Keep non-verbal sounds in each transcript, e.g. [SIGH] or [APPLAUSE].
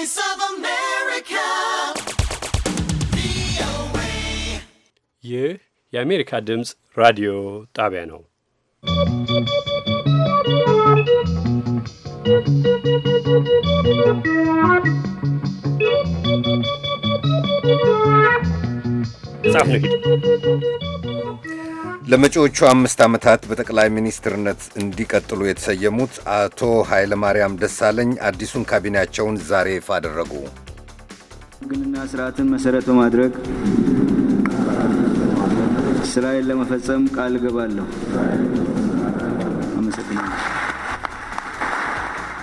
Voice of America. ይህ የአሜሪካ ድምፅ ራዲዮ ጣቢያ ነው። ጻፍ ንግድ ለመጪዎቹ አምስት ዓመታት በጠቅላይ ሚኒስትርነት እንዲቀጥሉ የተሰየሙት አቶ ኃይለማርያም ደሳለኝ አዲሱን ካቢኔያቸውን ዛሬ ይፋ አደረጉ። ግንና ስርዓትን መሰረት በማድረግ ስራዬን ለመፈጸም ቃል እገባለሁ።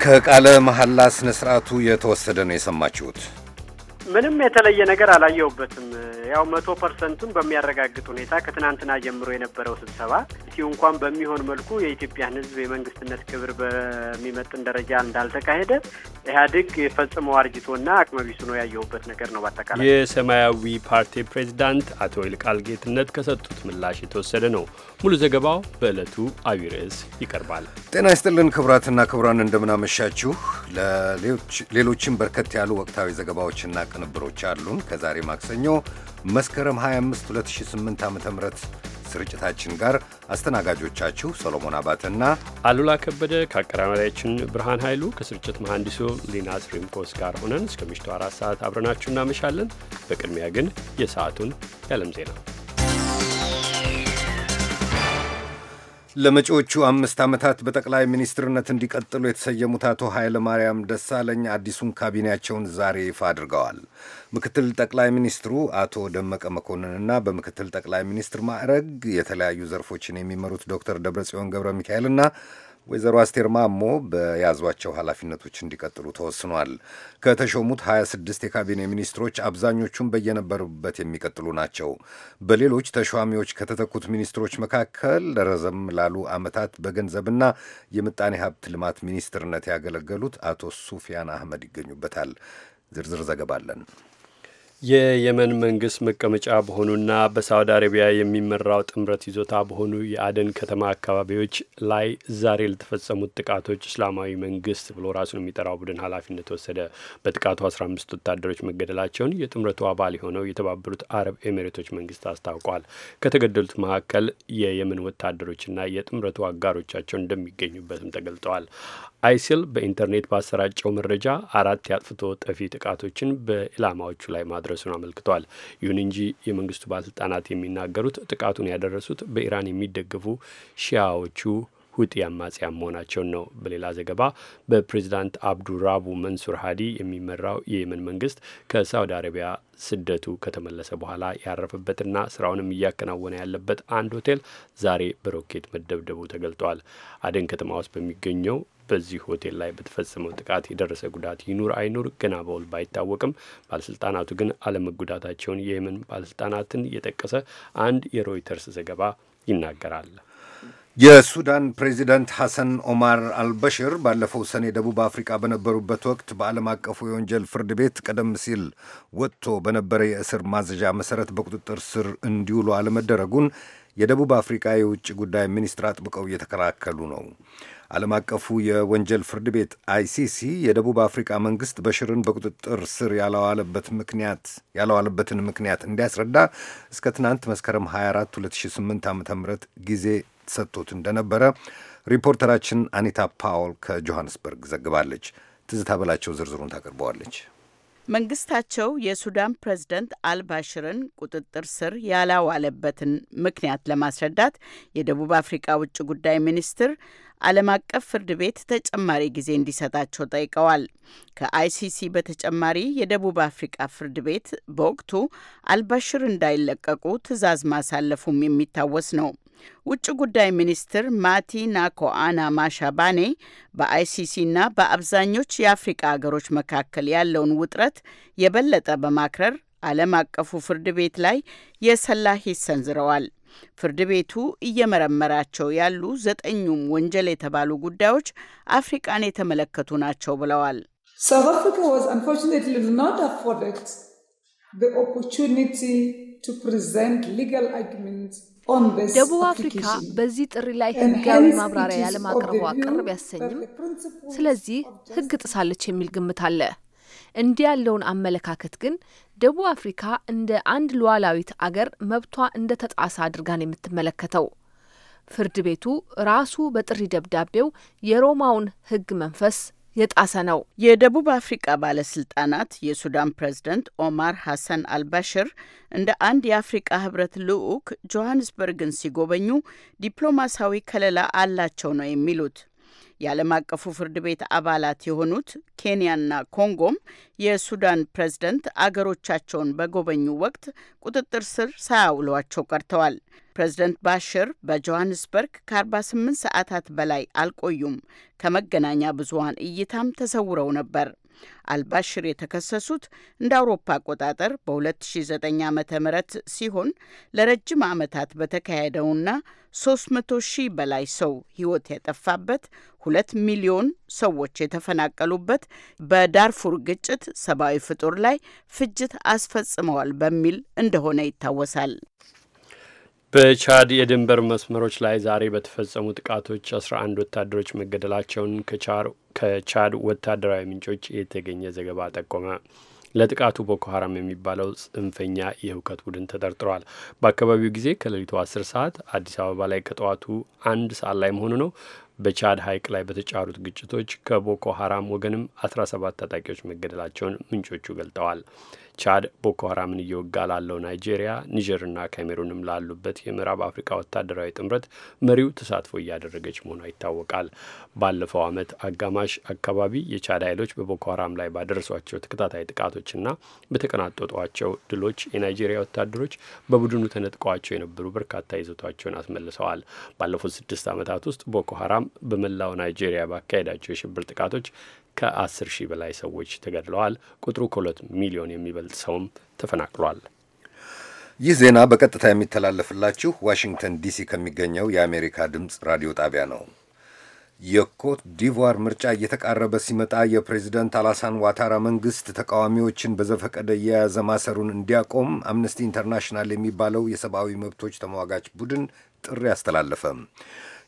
ከቃለ መሐላ ስነ ስርዓቱ የተወሰደ ነው የሰማችሁት። ምንም የተለየ ነገር አላየሁበትም። ያው መቶ ፐርሰንቱን በሚያረጋግጥ ሁኔታ ከትናንትና ጀምሮ የነበረው ስብሰባ ሲው እንኳን በሚሆን መልኩ የኢትዮጵያን ሕዝብ የመንግስትነት ክብር በሚመጥን ደረጃ እንዳልተካሄደ ኢህአዴግ ፈጽሞ አርጅቶና አቅመ ቢሱ ነው ያየሁበት ነገር ነው። በአጠቃላይ የሰማያዊ ፓርቲ ፕሬዚዳንት አቶ ይልቃል ጌትነት ከሰጡት ምላሽ የተወሰደ ነው። ሙሉ ዘገባው በዕለቱ አብይ ርዕስ ይቀርባል። ጤና ይስጥልን ክቡራትና ክቡራን እንደምናመሻችሁ። ሌሎችም በርከት ያሉ ወቅታዊ ዘገባዎችና ቅንብሮች አሉን። ከዛሬ ማክሰኞ መስከረም 25 2008 ዓ ም ስርጭታችን ጋር አስተናጋጆቻችሁ ሰሎሞን አባተና አሉላ ከበደ ከአቀራማሪያችን ብርሃን ኃይሉ ከስርጭት መሐንዲሱ ሊና ስሪምኮስ ጋር ሆነን እስከ ምሽቱ አራት ሰዓት አብረናችሁ እናመሻለን። በቅድሚያ ግን የሰዓቱን የዓለም ዜና ለመጪዎቹ አምስት ዓመታት በጠቅላይ ሚኒስትርነት እንዲቀጥሉ የተሰየሙት አቶ ኃይለ ማርያም ደሳለኝ አዲሱን ካቢኔያቸውን ዛሬ ይፋ አድርገዋል። ምክትል ጠቅላይ ሚኒስትሩ አቶ ደመቀ መኮንንና በምክትል ጠቅላይ ሚኒስትር ማዕረግ የተለያዩ ዘርፎችን የሚመሩት ዶክተር ደብረጽዮን ገብረ ሚካኤልና ወይዘሮ አስቴር ማሞ በያዟቸው ኃላፊነቶች እንዲቀጥሉ ተወስኗል። ከተሾሙት 26 የካቢኔ ሚኒስትሮች አብዛኞቹም በየነበሩበት የሚቀጥሉ ናቸው። በሌሎች ተሿሚዎች ከተተኩት ሚኒስትሮች መካከል ለረዘም ላሉ ዓመታት በገንዘብና የምጣኔ ሀብት ልማት ሚኒስትርነት ያገለገሉት አቶ ሱፊያን አህመድ ይገኙበታል። ዝርዝር ዘገባ አለን። የየመን መንግስት መቀመጫ በሆኑና በሳውዲ አረቢያ የሚመራው ጥምረት ይዞታ በሆኑ የአደን ከተማ አካባቢዎች ላይ ዛሬ ለተፈጸሙት ጥቃቶች እስላማዊ መንግስት ብሎ ራሱን የሚጠራው ቡድን ኃላፊነት ወሰደ። በጥቃቱ 15 ወታደሮች መገደላቸውን የጥምረቱ አባል የሆነው የተባበሩት አረብ ኤሚሬቶች መንግስት አስታውቋል። ከተገደሉት መካከል የየመን ወታደሮችና የጥምረቱ አጋሮቻቸው እንደሚገኙበትም ተገልጠዋል። አይሲል በኢንተርኔት ባሰራጨው መረጃ አራት የአጥፍቶ ጠፊ ጥቃቶችን በኢላማዎቹ ላይ ማድረሱን አመልክቷል። ይሁን እንጂ የመንግስቱ ባለስልጣናት የሚናገሩት ጥቃቱን ያደረሱት በኢራን የሚደገፉ ሺያዎቹ ሁጢ አማጽያን መሆናቸውን ነው። በሌላ ዘገባ በፕሬዚዳንት አብዱራቡ መንሱር ሀዲ የሚመራው የየመን መንግስት ከሳውዲ አረቢያ ስደቱ ከተመለሰ በኋላ ያረፈበትና ስራውንም እያከናወነ ያለበት አንድ ሆቴል ዛሬ በሮኬት መደብደቡ ተገልጧል። አደን ከተማ ውስጥ በሚገኘው በዚህ ሆቴል ላይ በተፈጸመው ጥቃት የደረሰ ጉዳት ይኑር አይኑር ገና በውል ባይታወቅም ባለስልጣናቱ ግን አለመጉዳታቸውን የየመን ባለስልጣናትን የጠቀሰ አንድ የሮይተርስ ዘገባ ይናገራል። የሱዳን ፕሬዚደንት ሐሰን ኦማር አልበሽር ባለፈው ሰኔ ደቡብ አፍሪካ በነበሩበት ወቅት በዓለም አቀፉ የወንጀል ፍርድ ቤት ቀደም ሲል ወጥቶ በነበረ የእስር ማዘዣ መሠረት በቁጥጥር ስር እንዲውሉ አለመደረጉን የደቡብ አፍሪካ የውጭ ጉዳይ ሚኒስትር አጥብቀው እየተከራከሉ ነው። ዓለም አቀፉ የወንጀል ፍርድ ቤት አይሲሲ የደቡብ አፍሪካ መንግስት በሽርን በቁጥጥር ስር ያለዋለበት ምክንያት ያለዋለበትን ምክንያት እንዲያስረዳ እስከ ትናንት መስከረም 24 2008 ዓ ም ጊዜ ሰጥቶት እንደነበረ ሪፖርተራችን አኒታ ፓውል ከጆሃንስበርግ ዘግባለች። ትዝታ በላቸው ዝርዝሩን ታቀርበዋለች። መንግስታቸው የሱዳን ፕሬዝደንት አልባሽርን ቁጥጥር ስር ያላዋለበትን ምክንያት ለማስረዳት የደቡብ አፍሪካ ውጭ ጉዳይ ሚኒስትር ዓለም አቀፍ ፍርድ ቤት ተጨማሪ ጊዜ እንዲሰጣቸው ጠይቀዋል። ከአይሲሲ በተጨማሪ የደቡብ አፍሪካ ፍርድ ቤት በወቅቱ አልባሽር እንዳይለቀቁ ትዕዛዝ ማሳለፉም የሚታወስ ነው። ውጭ ጉዳይ ሚኒስትር ማቲ ናኮአና ማሻባኔ በአይሲሲና በአብዛኞች የአፍሪቃ አገሮች መካከል ያለውን ውጥረት የበለጠ በማክረር ዓለም አቀፉ ፍርድ ቤት ላይ የሰላ ሂስ ሰንዝረዋል። ፍርድ ቤቱ እየመረመራቸው ያሉ ዘጠኙም ወንጀል የተባሉ ጉዳዮች አፍሪቃን የተመለከቱ ናቸው ብለዋል። ደቡብ አፍሪካ በዚህ ጥሪ ላይ ህጋዊ ማብራሪያ ያለማቅረቧ ቅር ቢያሰኝም፣ ስለዚህ ህግ ጥሳለች የሚል ግምት አለ። እንዲህ ያለውን አመለካከት ግን ደቡብ አፍሪካ እንደ አንድ ሉዓላዊት አገር መብቷ እንደ ተጣሳ አድርጋ የምትመለከተው። ፍርድ ቤቱ ራሱ በጥሪ ደብዳቤው የሮማውን ህግ መንፈስ የጣሰ ነው። የደቡብ አፍሪቃ ባለስልጣናት የሱዳን ፕሬዝደንት ኦማር ሐሰን አልባሽር እንደ አንድ የአፍሪቃ ህብረት ልዑክ ጆሃንስበርግን ሲጎበኙ ዲፕሎማሲያዊ ከለላ አላቸው ነው የሚሉት የዓለም አቀፉ ፍርድ ቤት አባላት የሆኑት ኬንያና ኮንጎም የሱዳን ፕሬዝደንት አገሮቻቸውን በጎበኙ ወቅት ቁጥጥር ስር ሳያውሏቸው ቀርተዋል። ፕሬዝደንት ባሽር በጆሃንስበርግ ከ48 ሰዓታት በላይ አልቆዩም። ከመገናኛ ብዙሀን እይታም ተሰውረው ነበር። አልባሽር የተከሰሱት እንደ አውሮፓ አቆጣጠር በ2009 ዓ ም ሲሆን ለረጅም ዓመታት በተካሄደውና 300 ሺህ በላይ ሰው ሕይወት የጠፋበት ሁለት ሚሊዮን ሰዎች የተፈናቀሉበት በዳርፉር ግጭት ሰብአዊ ፍጡር ላይ ፍጅት አስፈጽመዋል በሚል እንደሆነ ይታወሳል። በቻድ የድንበር መስመሮች ላይ ዛሬ በተፈጸሙ ጥቃቶች አስራ አንድ ወታደሮች መገደላቸውን ከቻድ ወታደራዊ ምንጮች የተገኘ ዘገባ ጠቆመ። ለጥቃቱ ቦኮ ሀራም የሚባለው ጽንፈኛ የህውከት ቡድን ተጠርጥሯል። በአካባቢው ጊዜ ከሌሊቱ አስር ሰዓት አዲስ አበባ ላይ ከጠዋቱ አንድ ሰዓት ላይ መሆኑ ነው። በቻድ ሀይቅ ላይ በተጫሩት ግጭቶች ከቦኮ ሀራም ወገንም አስራ ሰባት ታጣቂዎች መገደላቸውን ምንጮቹ ገልጠዋል። ቻድ ቦኮ ሀራምን እየወጋ ላለው ናይጄሪያ፣ ኒጀርና ካሜሩንም ላሉበት የምዕራብ አፍሪካ ወታደራዊ ጥምረት መሪው ተሳትፎ እያደረገች መሆኗ ይታወቃል። ባለፈው ዓመት አጋማሽ አካባቢ የቻድ ኃይሎች በቦኮ ሀራም ላይ ባደረሷቸው ተከታታይ ጥቃቶችና በተቀናጠጧቸው ድሎች የናይጄሪያ ወታደሮች በቡድኑ ተነጥቀዋቸው የነበሩ በርካታ ይዞታቸውን አስመልሰዋል። ባለፉት ስድስት ዓመታት ውስጥ ቦኮ ሀራም በመላው ናይጄሪያ ባካሄዳቸው የሽብር ጥቃቶች ከ10 ሺህ በላይ ሰዎች ተገድለዋል። ቁጥሩ ከሁለት ሚሊዮን የሚበልጥ ሰውም ተፈናቅሏል። ይህ ዜና በቀጥታ የሚተላለፍላችሁ ዋሽንግተን ዲሲ ከሚገኘው የአሜሪካ ድምፅ ራዲዮ ጣቢያ ነው። የኮት ዲቯር ምርጫ እየተቃረበ ሲመጣ የፕሬዚደንት አላሳን ዋታራ መንግስት ተቃዋሚዎችን በዘፈቀደ እየያዘ ማሰሩን እንዲያቆም አምነስቲ ኢንተርናሽናል የሚባለው የሰብአዊ መብቶች ተሟጋች ቡድን ጥሪ አስተላለፈ።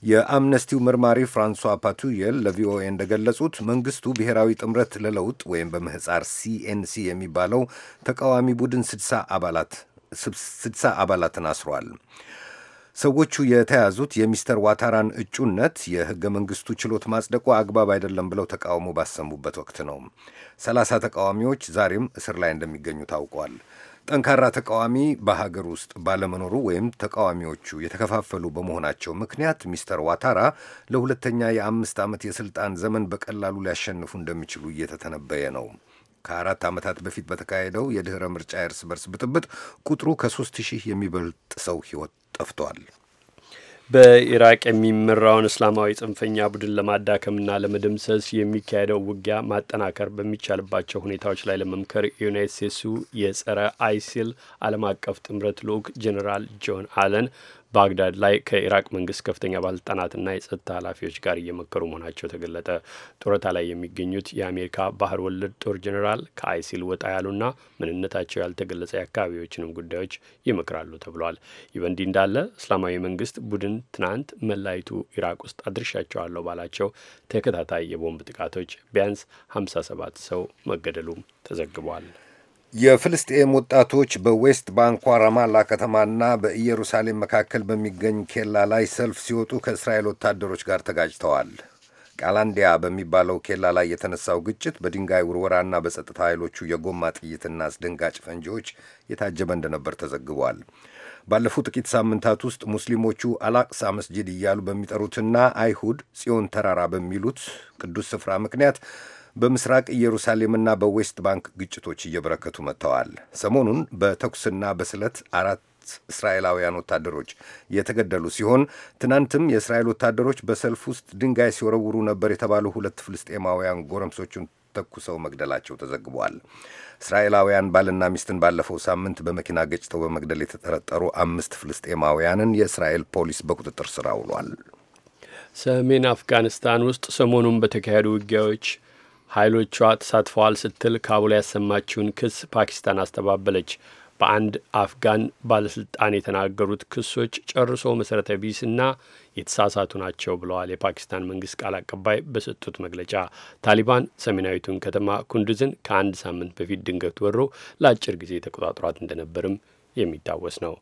የአምነስቲው መርማሪ ፍራንሷ ፓቱየል ለቪኦኤ እንደገለጹት መንግስቱ ብሔራዊ ጥምረት ለለውጥ ወይም በምህፃር ሲኤንሲ የሚባለው ተቃዋሚ ቡድን ስድሳ አባላትን አስሯል። ሰዎቹ የተያዙት የሚስተር ዋታራን እጩነት የህገ መንግስቱ ችሎት ማጽደቁ አግባብ አይደለም ብለው ተቃውሞ ባሰሙበት ወቅት ነው። ሰላሳ ተቃዋሚዎች ዛሬም እስር ላይ እንደሚገኙ ታውቋል። ጠንካራ ተቃዋሚ በሀገር ውስጥ ባለመኖሩ ወይም ተቃዋሚዎቹ የተከፋፈሉ በመሆናቸው ምክንያት ሚስተር ዋታራ ለሁለተኛ የአምስት ዓመት የሥልጣን ዘመን በቀላሉ ሊያሸንፉ እንደሚችሉ እየተተነበየ ነው። ከአራት ዓመታት በፊት በተካሄደው የድኅረ ምርጫ እርስ በርስ ብጥብጥ ቁጥሩ ከሦስት ሺህ የሚበልጥ ሰው ሕይወት ጠፍቷል። በኢራቅ የሚመራውን እስላማዊ ጽንፈኛ ቡድን ለማዳከምና ለመደምሰስ የሚካሄደው ውጊያ ማጠናከር በሚቻልባቸው ሁኔታዎች ላይ ለመምከር የዩናይት ስቴትሱ የጸረ አይሲል ዓለም አቀፍ ጥምረት ልዑክ ጀኔራል ጆን አለን ባግዳድ ላይ ከኢራቅ መንግስት ከፍተኛ ባለስልጣናትና የጸጥታ ኃላፊዎች ጋር እየመከሩ መሆናቸው ተገለጠ። ጡረታ ላይ የሚገኙት የአሜሪካ ባህር ወለድ ጦር ጀኔራል ከአይሲል ወጣ ያሉና ምንነታቸው ያልተገለጸ የአካባቢዎችንም ጉዳዮች ይመክራሉ ተብሏል። ይህ በእንዲህ እንዳለ እስላማዊ መንግስት ቡድን ትናንት መላይቱ ኢራቅ ውስጥ አድርሻቸዋለሁ ባላቸው ተከታታይ የቦምብ ጥቃቶች ቢያንስ 57 ሰው መገደሉም ተዘግቧል። የፍልስጤም ወጣቶች በዌስት ባንኳ ራማላ ከተማና በኢየሩሳሌም መካከል በሚገኝ ኬላ ላይ ሰልፍ ሲወጡ ከእስራኤል ወታደሮች ጋር ተጋጭተዋል። ቃላንዲያ በሚባለው ኬላ ላይ የተነሳው ግጭት በድንጋይ ውርወራና በጸጥታ ኃይሎቹ የጎማ ጥይትና አስደንጋጭ ፈንጂዎች የታጀበ እንደነበር ተዘግቧል። ባለፉት ጥቂት ሳምንታት ውስጥ ሙስሊሞቹ አላቅሳ መስጂድ እያሉ በሚጠሩትና አይሁድ ጽዮን ተራራ በሚሉት ቅዱስ ስፍራ ምክንያት በምስራቅ ኢየሩሳሌምና በዌስት ባንክ ግጭቶች እየበረከቱ መጥተዋል። ሰሞኑን በተኩስና በስለት አራት እስራኤላውያን ወታደሮች የተገደሉ ሲሆን ትናንትም የእስራኤል ወታደሮች በሰልፍ ውስጥ ድንጋይ ሲወረውሩ ነበር የተባሉ ሁለት ፍልስጤማውያን ጎረምሶቹን ተኩሰው መግደላቸው ተዘግቧል። እስራኤላውያን ባልና ሚስትን ባለፈው ሳምንት በመኪና ገጭተው በመግደል የተጠረጠሩ አምስት ፍልስጤማውያንን የእስራኤል ፖሊስ በቁጥጥር ስር አውሏል። ሰሜን አፍጋኒስታን ውስጥ ሰሞኑን በተካሄዱ ውጊያዎች ኃይሎቿ ተሳትፈዋል ስትል ካቡል ያሰማችውን ክስ ፓኪስታን አስተባበለች። በአንድ አፍጋን ባለስልጣን የተናገሩት ክሶች ጨርሶ መሰረተ ቢስና የተሳሳቱ ናቸው ብለዋል የፓኪስታን መንግስት ቃል አቀባይ በሰጡት መግለጫ። ታሊባን ሰሜናዊቱን ከተማ ኩንዱዝን ከአንድ ሳምንት በፊት ድንገት ወሮ ለአጭር ጊዜ ተቆጣጥሯት እንደነበርም የሚታወስ ነው።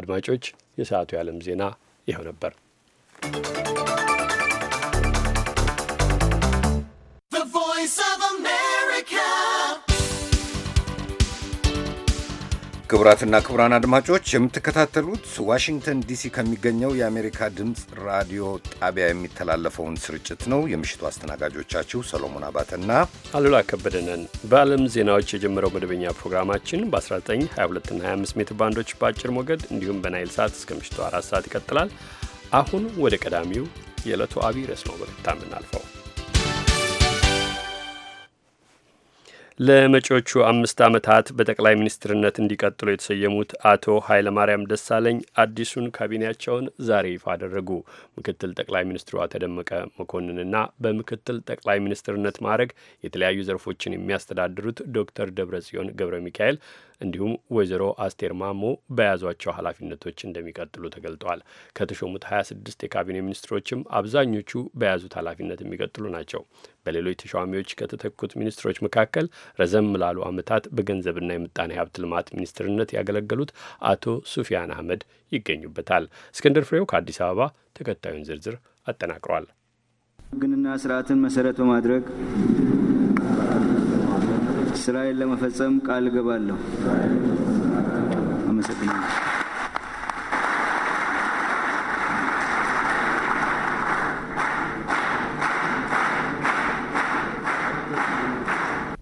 አድማጮች፣ የሰዓቱ የዓለም ዜና ይኸው ነበር። ክቡራትና ክቡራን አድማጮች የምትከታተሉት ዋሽንግተን ዲሲ ከሚገኘው የአሜሪካ ድምፅ ራዲዮ ጣቢያ የሚተላለፈውን ስርጭት ነው። የምሽቱ አስተናጋጆቻችሁ ሰሎሞን አባተና አሉላ ከበደ ነን። በዓለም ዜናዎች የጀመረው መደበኛ ፕሮግራማችን በ 1922 22 25 ሜትር ባንዶች በአጭር ሞገድ እንዲሁም በናይል ሰዓት እስከ ምሽቱ አራት ሰዓት ይቀጥላል። አሁን ወደ ቀዳሚው የዕለቱ አብይ ርዕስ ነው የምናልፈው ለመጪዎቹ አምስት ዓመታት በጠቅላይ ሚኒስትርነት እንዲቀጥሉ የተሰየሙት አቶ ኃይለማርያም ደሳለኝ አዲሱን ካቢኔያቸውን ዛሬ ይፋ አደረጉ። ምክትል ጠቅላይ ሚኒስትሯ ተደመቀ መኮንንና በምክትል ጠቅላይ ሚኒስትርነት ማዕረግ የተለያዩ ዘርፎችን የሚያስተዳድሩት ዶክተር ደብረጽዮን ገብረ ሚካኤል እንዲሁም ወይዘሮ አስቴር ማሞ በያዟቸው ኃላፊነቶች እንደሚቀጥሉ ተገልጧል። ከተሾሙት 26 የካቢኔ ሚኒስትሮችም አብዛኞቹ በያዙት ኃላፊነት የሚቀጥሉ ናቸው። በሌሎች ተሿሚዎች ከተተኩት ሚኒስትሮች መካከል ረዘም ላሉ ዓመታት በገንዘብና የምጣኔ ሀብት ልማት ሚኒስትርነት ያገለገሉት አቶ ሱፊያን አህመድ ይገኙበታል። እስክንድር ፍሬው ከአዲስ አበባ ተከታዩን ዝርዝር አጠናቅሯል። ሕግንና ስርዓትን መሰረት በማድረግ ስራዬን ለመፈጸም ቃል እገባለሁ። አመሰግናለሁ።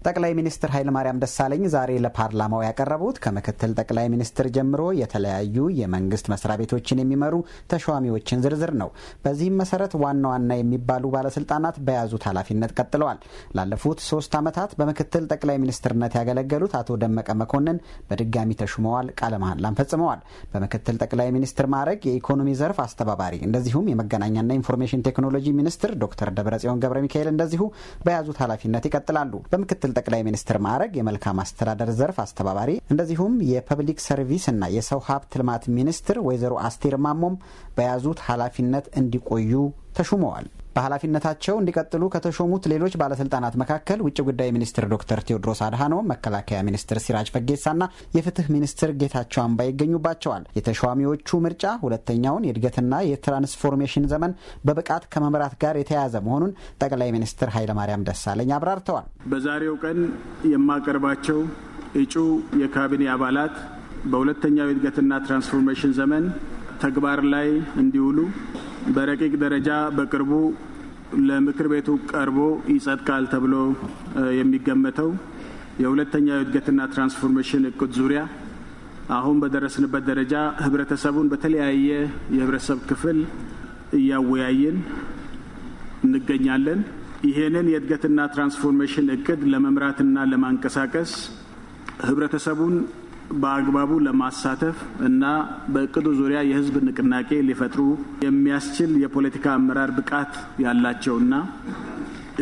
ጠቅላይ ሚኒስትር ኃይለማርያም ደሳለኝ ዛሬ ለፓርላማው ያቀረቡት ከምክትል ጠቅላይ ሚኒስትር ጀምሮ የተለያዩ የመንግስት መስሪያ ቤቶችን የሚመሩ ተሿሚዎችን ዝርዝር ነው። በዚህም መሰረት ዋና ዋና የሚባሉ ባለስልጣናት በያዙት ኃላፊነት ቀጥለዋል። ላለፉት ሶስት ዓመታት በምክትል ጠቅላይ ሚኒስትርነት ያገለገሉት አቶ ደመቀ መኮንን በድጋሚ ተሹመዋል፣ ቃለ መሐላም ፈጽመዋል። በምክትል ጠቅላይ ሚኒስትር ማዕረግ የኢኮኖሚ ዘርፍ አስተባባሪ እንደዚሁም የመገናኛና ኢንፎርሜሽን ቴክኖሎጂ ሚኒስትር ዶክተር ደብረጽዮን ገብረ ሚካኤል እንደዚሁ በያዙት ኃላፊነት ይቀጥላሉ። በምክትል ጠቅላይ ሚኒስትር ማዕረግ የመልካም አስተዳደር ዘርፍ አስተባባሪ እንደዚሁም የፐብሊክ ሰርቪስ እና የሰው ሀብት ልማት ሚኒስትር ወይዘሮ አስቴር ማሞም በያዙት ኃላፊነት እንዲቆዩ ተሹመዋል። በኃላፊነታቸው እንዲቀጥሉ ከተሾሙት ሌሎች ባለስልጣናት መካከል ውጭ ጉዳይ ሚኒስትር ዶክተር ቴዎድሮስ አድሃኖ መከላከያ ሚኒስትር ሲራጅ ፈጌሳና የፍትህ ሚኒስትር ጌታቸው አምባ ይገኙባቸዋል። የተሿሚዎቹ ምርጫ ሁለተኛውን የእድገትና የትራንስፎርሜሽን ዘመን በብቃት ከመምራት ጋር የተያያዘ መሆኑን ጠቅላይ ሚኒስትር ኃይለማርያም ደሳለኝ አብራርተዋል። በዛሬው ቀን የማቀርባቸው እጩ የካቢኔ አባላት በሁለተኛው የእድገትና ትራንስፎርሜሽን ዘመን ተግባር ላይ እንዲውሉ በረቂቅ ደረጃ በቅርቡ ለምክር ቤቱ ቀርቦ ይጸድቃል ተብሎ የሚገመተው የሁለተኛው የእድገትና ትራንስፎርሜሽን እቅድ ዙሪያ አሁን በደረስንበት ደረጃ ህብረተሰቡን በተለያየ የህብረተሰብ ክፍል እያወያየን እንገኛለን። ይሄንን የእድገትና ትራንስፎርሜሽን እቅድ ለመምራትና ለማንቀሳቀስ ህብረተሰቡን በአግባቡ ለማሳተፍ እና በእቅዱ ዙሪያ የህዝብ ንቅናቄ ሊፈጥሩ የሚያስችል የፖለቲካ አመራር ብቃት ያላቸውና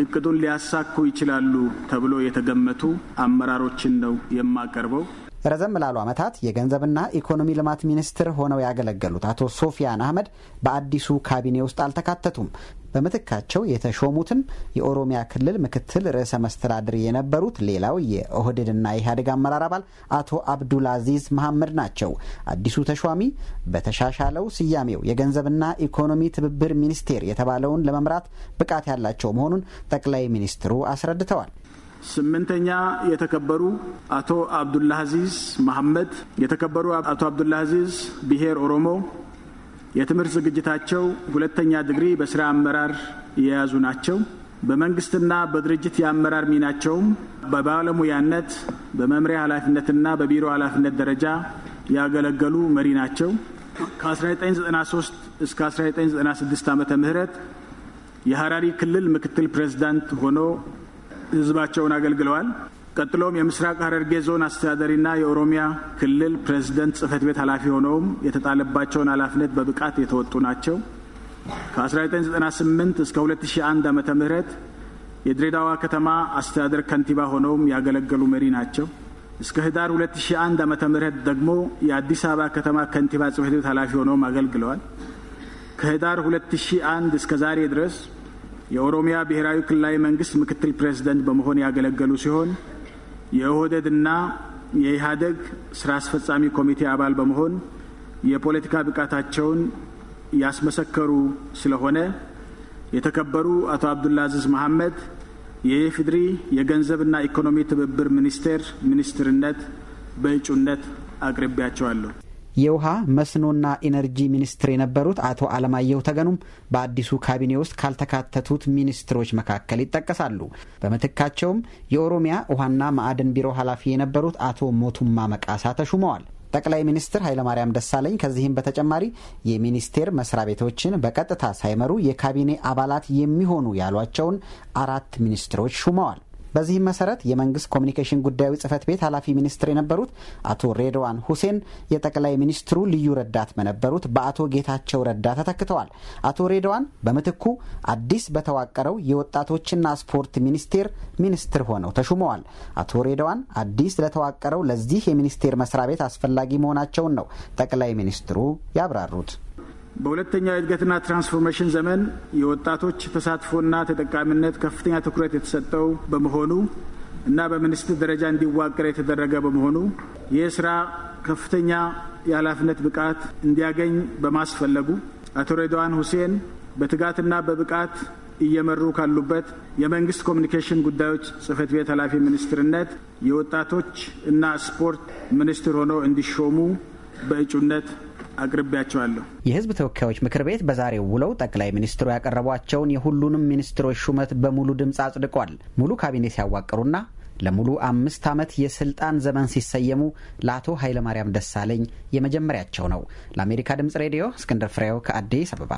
እቅዱን ሊያሳኩ ይችላሉ ተብሎ የተገመቱ አመራሮችን ነው የማቀርበው። ረዘም ላሉ ዓመታት የገንዘብና ኢኮኖሚ ልማት ሚኒስትር ሆነው ያገለገሉት አቶ ሶፊያን አህመድ በአዲሱ ካቢኔ ውስጥ አልተካተቱም። በምትካቸው የተሾሙትም የኦሮሚያ ክልል ምክትል ርዕሰ መስተዳድር የነበሩት ሌላው የኦህዴድና ኢህአዴግ አመራር አባል አቶ አብዱልአዚዝ መሐመድ ናቸው። አዲሱ ተሿሚ በተሻሻለው ስያሜው የገንዘብና ኢኮኖሚ ትብብር ሚኒስቴር የተባለውን ለመምራት ብቃት ያላቸው መሆኑን ጠቅላይ ሚኒስትሩ አስረድተዋል። ስምንተኛ የተከበሩ አቶ አብዱላ አዚዝ መሐመድ፣ የተከበሩ አቶ አብዱላ አዚዝ ብሔር ኦሮሞ የትምህርት ዝግጅታቸው ሁለተኛ ዲግሪ በስራ አመራር የያዙ ናቸው። በመንግስትና በድርጅት የአመራር ሚናቸውም በባለሙያነት በመምሪያ ኃላፊነትና በቢሮ ኃላፊነት ደረጃ ያገለገሉ መሪ ናቸው። ከ1993 እስከ 1996 ዓ ም የሀራሪ ክልል ምክትል ፕሬዚዳንት ሆኖ ህዝባቸውን አገልግለዋል። ቀጥሎም የምስራቅ ሐረርጌ ዞን አስተዳደሪና የኦሮሚያ ክልል ፕሬዝደንት ጽህፈት ቤት ኃላፊ ሆነውም የተጣለባቸውን ኃላፊነት በብቃት የተወጡ ናቸው። ከ1998 እስከ 2001 ዓ ም የድሬዳዋ ከተማ አስተዳደር ከንቲባ ሆነውም ያገለገሉ መሪ ናቸው። እስከ ህዳር 2001 ዓ ም ደግሞ የአዲስ አበባ ከተማ ከንቲባ ጽህፈት ቤት ኃላፊ ሆነውም አገልግለዋል። ከህዳር 2001 እስከ ዛሬ ድረስ የኦሮሚያ ብሔራዊ ክልላዊ መንግስት ምክትል ፕሬዝደንት በመሆን ያገለገሉ ሲሆን የኦህደድ እና የኢህአደግ ስራ አስፈጻሚ ኮሚቴ አባል በመሆን የፖለቲካ ብቃታቸውን ያስመሰከሩ ስለሆነ የተከበሩ አቶ አብዱላ አዚዝ መሐመድ የኢፌዴሪ የገንዘብና ኢኮኖሚ ትብብር ሚኒስቴር ሚኒስትርነት በእጩነት አቅርቤያቸዋለሁ። የውሃ መስኖና ኢነርጂ ሚኒስትር የነበሩት አቶ አለማየሁ ተገኑም በአዲሱ ካቢኔ ውስጥ ካልተካተቱት ሚኒስትሮች መካከል ይጠቀሳሉ። በምትካቸውም የኦሮሚያ ውሃና ማዕድን ቢሮ ኃላፊ የነበሩት አቶ ሞቱማ መቃሳ ተሹመዋል። ጠቅላይ ሚኒስትር ኃይለማርያም ደሳለኝ ከዚህም በተጨማሪ የሚኒስቴር መስሪያ ቤቶችን በቀጥታ ሳይመሩ የካቢኔ አባላት የሚሆኑ ያሏቸውን አራት ሚኒስትሮች ሹመዋል። በዚህም መሰረት የመንግስት ኮሚኒኬሽን ጉዳዮች ጽህፈት ቤት ኃላፊ ሚኒስትር የነበሩት አቶ ሬድዋን ሁሴን የጠቅላይ ሚኒስትሩ ልዩ ረዳት በነበሩት በአቶ ጌታቸው ረዳ ተተክተዋል። አቶ ሬድዋን በምትኩ አዲስ በተዋቀረው የወጣቶችና ስፖርት ሚኒስቴር ሚኒስትር ሆነው ተሹመዋል። አቶ ሬድዋን አዲስ ለተዋቀረው ለዚህ የሚኒስቴር መስሪያ ቤት አስፈላጊ መሆናቸውን ነው ጠቅላይ ሚኒስትሩ ያብራሩት። በሁለተኛው የእድገትና ትራንስፎርሜሽን ዘመን የወጣቶች ተሳትፎና ተጠቃሚነት ከፍተኛ ትኩረት የተሰጠው በመሆኑ እና በሚኒስትር ደረጃ እንዲዋቀር የተደረገ በመሆኑ ይህ ስራ ከፍተኛ የኃላፊነት ብቃት እንዲያገኝ በማስፈለጉ አቶ ሬድዋን ሁሴን በትጋትና በብቃት እየመሩ ካሉበት የመንግስት ኮሚኒኬሽን ጉዳዮች ጽህፈት ቤት ኃላፊ ሚኒስትርነት የወጣቶች እና ስፖርት ሚኒስትር ሆነው እንዲሾሙ በእጩነት አቅርቤያቸዋለሁ። የህዝብ ተወካዮች ምክር ቤት በዛሬው ውለው ጠቅላይ ሚኒስትሩ ያቀረቧቸውን የሁሉንም ሚኒስትሮች ሹመት በሙሉ ድምፅ አጽድቋል። ሙሉ ካቢኔ ሲያዋቅሩና ለሙሉ አምስት ዓመት የስልጣን ዘመን ሲሰየሙ ለአቶ ኃይለማርያም ደሳለኝ የመጀመሪያቸው ነው። ለአሜሪካ ድምፅ ሬዲዮ እስክንድር ፍሬው ከአዲስ አበባ።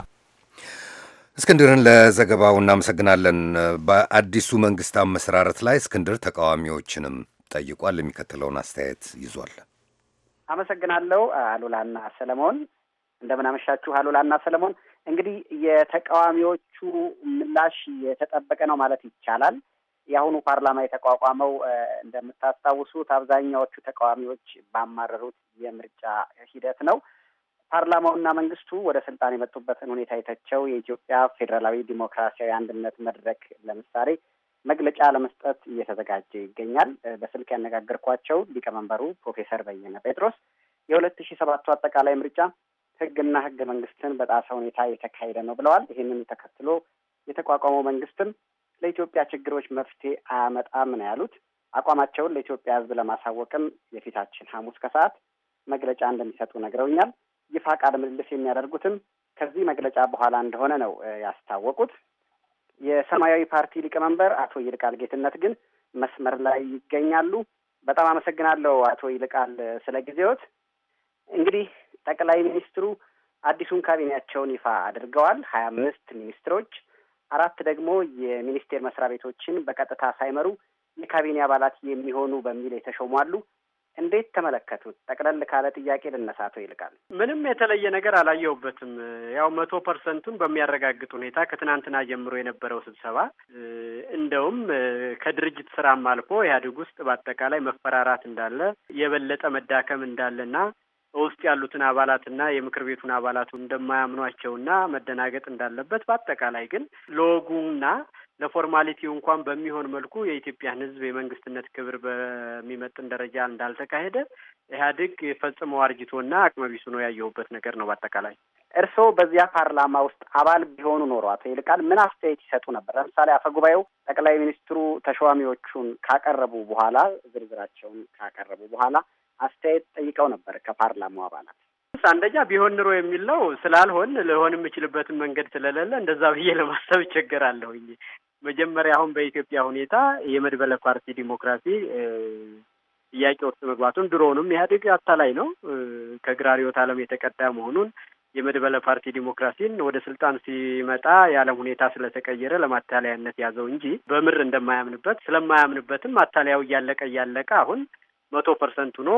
እስክንድርን ለዘገባው እናመሰግናለን። በአዲሱ መንግስት አመሰራረት ላይ እስክንድር ተቃዋሚዎችንም ጠይቋል። የሚከተለውን አስተያየት ይዟል። አመሰግናለሁ አሉላና ሰለሞን። እንደምን አመሻችሁ አሉላና ሰለሞን። እንግዲህ የተቃዋሚዎቹ ምላሽ የተጠበቀ ነው ማለት ይቻላል። የአሁኑ ፓርላማ የተቋቋመው እንደምታስታውሱት አብዛኛዎቹ ተቃዋሚዎች ባማረሩት የምርጫ ሂደት ነው። ፓርላማውና መንግስቱ ወደ ስልጣን የመጡበትን ሁኔታ የተቸው የኢትዮጵያ ፌዴራላዊ ዲሞክራሲያዊ አንድነት መድረክ ለምሳሌ መግለጫ ለመስጠት እየተዘጋጀ ይገኛል። በስልክ ያነጋገርኳቸው ሊቀመንበሩ ፕሮፌሰር በየነ ጴጥሮስ የሁለት ሺ ሰባቱ አጠቃላይ ምርጫ ህግና ህገ መንግስትን በጣሰ ሁኔታ የተካሄደ ነው ብለዋል። ይህንን ተከትሎ የተቋቋመው መንግስትም ለኢትዮጵያ ችግሮች መፍትሄ አያመጣም ነው ያሉት። አቋማቸውን ለኢትዮጵያ ህዝብ ለማሳወቅም የፊታችን ሐሙስ ከሰዓት መግለጫ እንደሚሰጡ ነግረውኛል። ይፋ ቃለ ምልልስ የሚያደርጉትም ከዚህ መግለጫ በኋላ እንደሆነ ነው ያስታወቁት። የሰማያዊ ፓርቲ ሊቀመንበር አቶ ይልቃል ጌትነት ግን መስመር ላይ ይገኛሉ። በጣም አመሰግናለሁ አቶ ይልቃል ስለ ጊዜዎት። እንግዲህ ጠቅላይ ሚኒስትሩ አዲሱን ካቢኔያቸውን ይፋ አድርገዋል። ሀያ አምስት ሚኒስትሮች፣ አራት ደግሞ የሚኒስቴር መስሪያ ቤቶችን በቀጥታ ሳይመሩ የካቢኔ አባላት የሚሆኑ በሚል የተሾሟሉ። እንዴት ተመለከቱት? ጠቅለል ካለ ጥያቄ ልነሳቶ ይልቃል። ምንም የተለየ ነገር አላየሁበትም። ያው መቶ ፐርሰንቱን በሚያረጋግጥ ሁኔታ ከትናንትና ጀምሮ የነበረው ስብሰባ እንደውም ከድርጅት ስራም አልፎ ኢህአዴግ ውስጥ በአጠቃላይ መፈራራት እንዳለ የበለጠ መዳከም እንዳለና ውስጥ ያሉትን አባላትና የምክር ቤቱን አባላቱ እንደማያምኗቸውና መደናገጥ እንዳለበት በአጠቃላይ ግን ሎጉና ለፎርማሊቲው እንኳን በሚሆን መልኩ የኢትዮጵያን ሕዝብ የመንግስትነት ክብር በሚመጥን ደረጃ እንዳልተካሄደ ኢህአዴግ ፈጽሞ አርጅቶና አቅመቢሱ ነው ያየሁበት ነገር ነው። በአጠቃላይ እርስዎ በዚያ ፓርላማ ውስጥ አባል ቢሆኑ ኖሮ አቶ ይልቃል ምን አስተያየት ይሰጡ ነበር? ለምሳሌ አፈ ጉባኤው ጠቅላይ ሚኒስትሩ ተሿሚዎቹን ካቀረቡ በኋላ ዝርዝራቸውን ካቀረቡ በኋላ አስተያየት ጠይቀው ነበር ከፓርላማው አባላት አንደኛ ቢሆን ኑሮ የሚለው ስላልሆን ልሆን የምችልበትን መንገድ ስለሌለ እንደዛ ብዬ ለማሰብ ይቸገራለሁኝ። መጀመሪያ አሁን በኢትዮጵያ ሁኔታ የመድበለ ፓርቲ ዲሞክራሲ ጥያቄ ውስጥ መግባቱን ድሮውንም ኢህአዴግ አታላይ ነው ከግራ ርዕዮተ ዓለም የተቀዳ መሆኑን የመድበለ ፓርቲ ዲሞክራሲን ወደ ስልጣን ሲመጣ የዓለም ሁኔታ ስለተቀየረ ለማታለያነት ያዘው እንጂ በምር እንደማያምንበት ስለማያምንበትም ማታለያው እያለቀ እያለቀ አሁን መቶ ፐርሰንት ሆኖ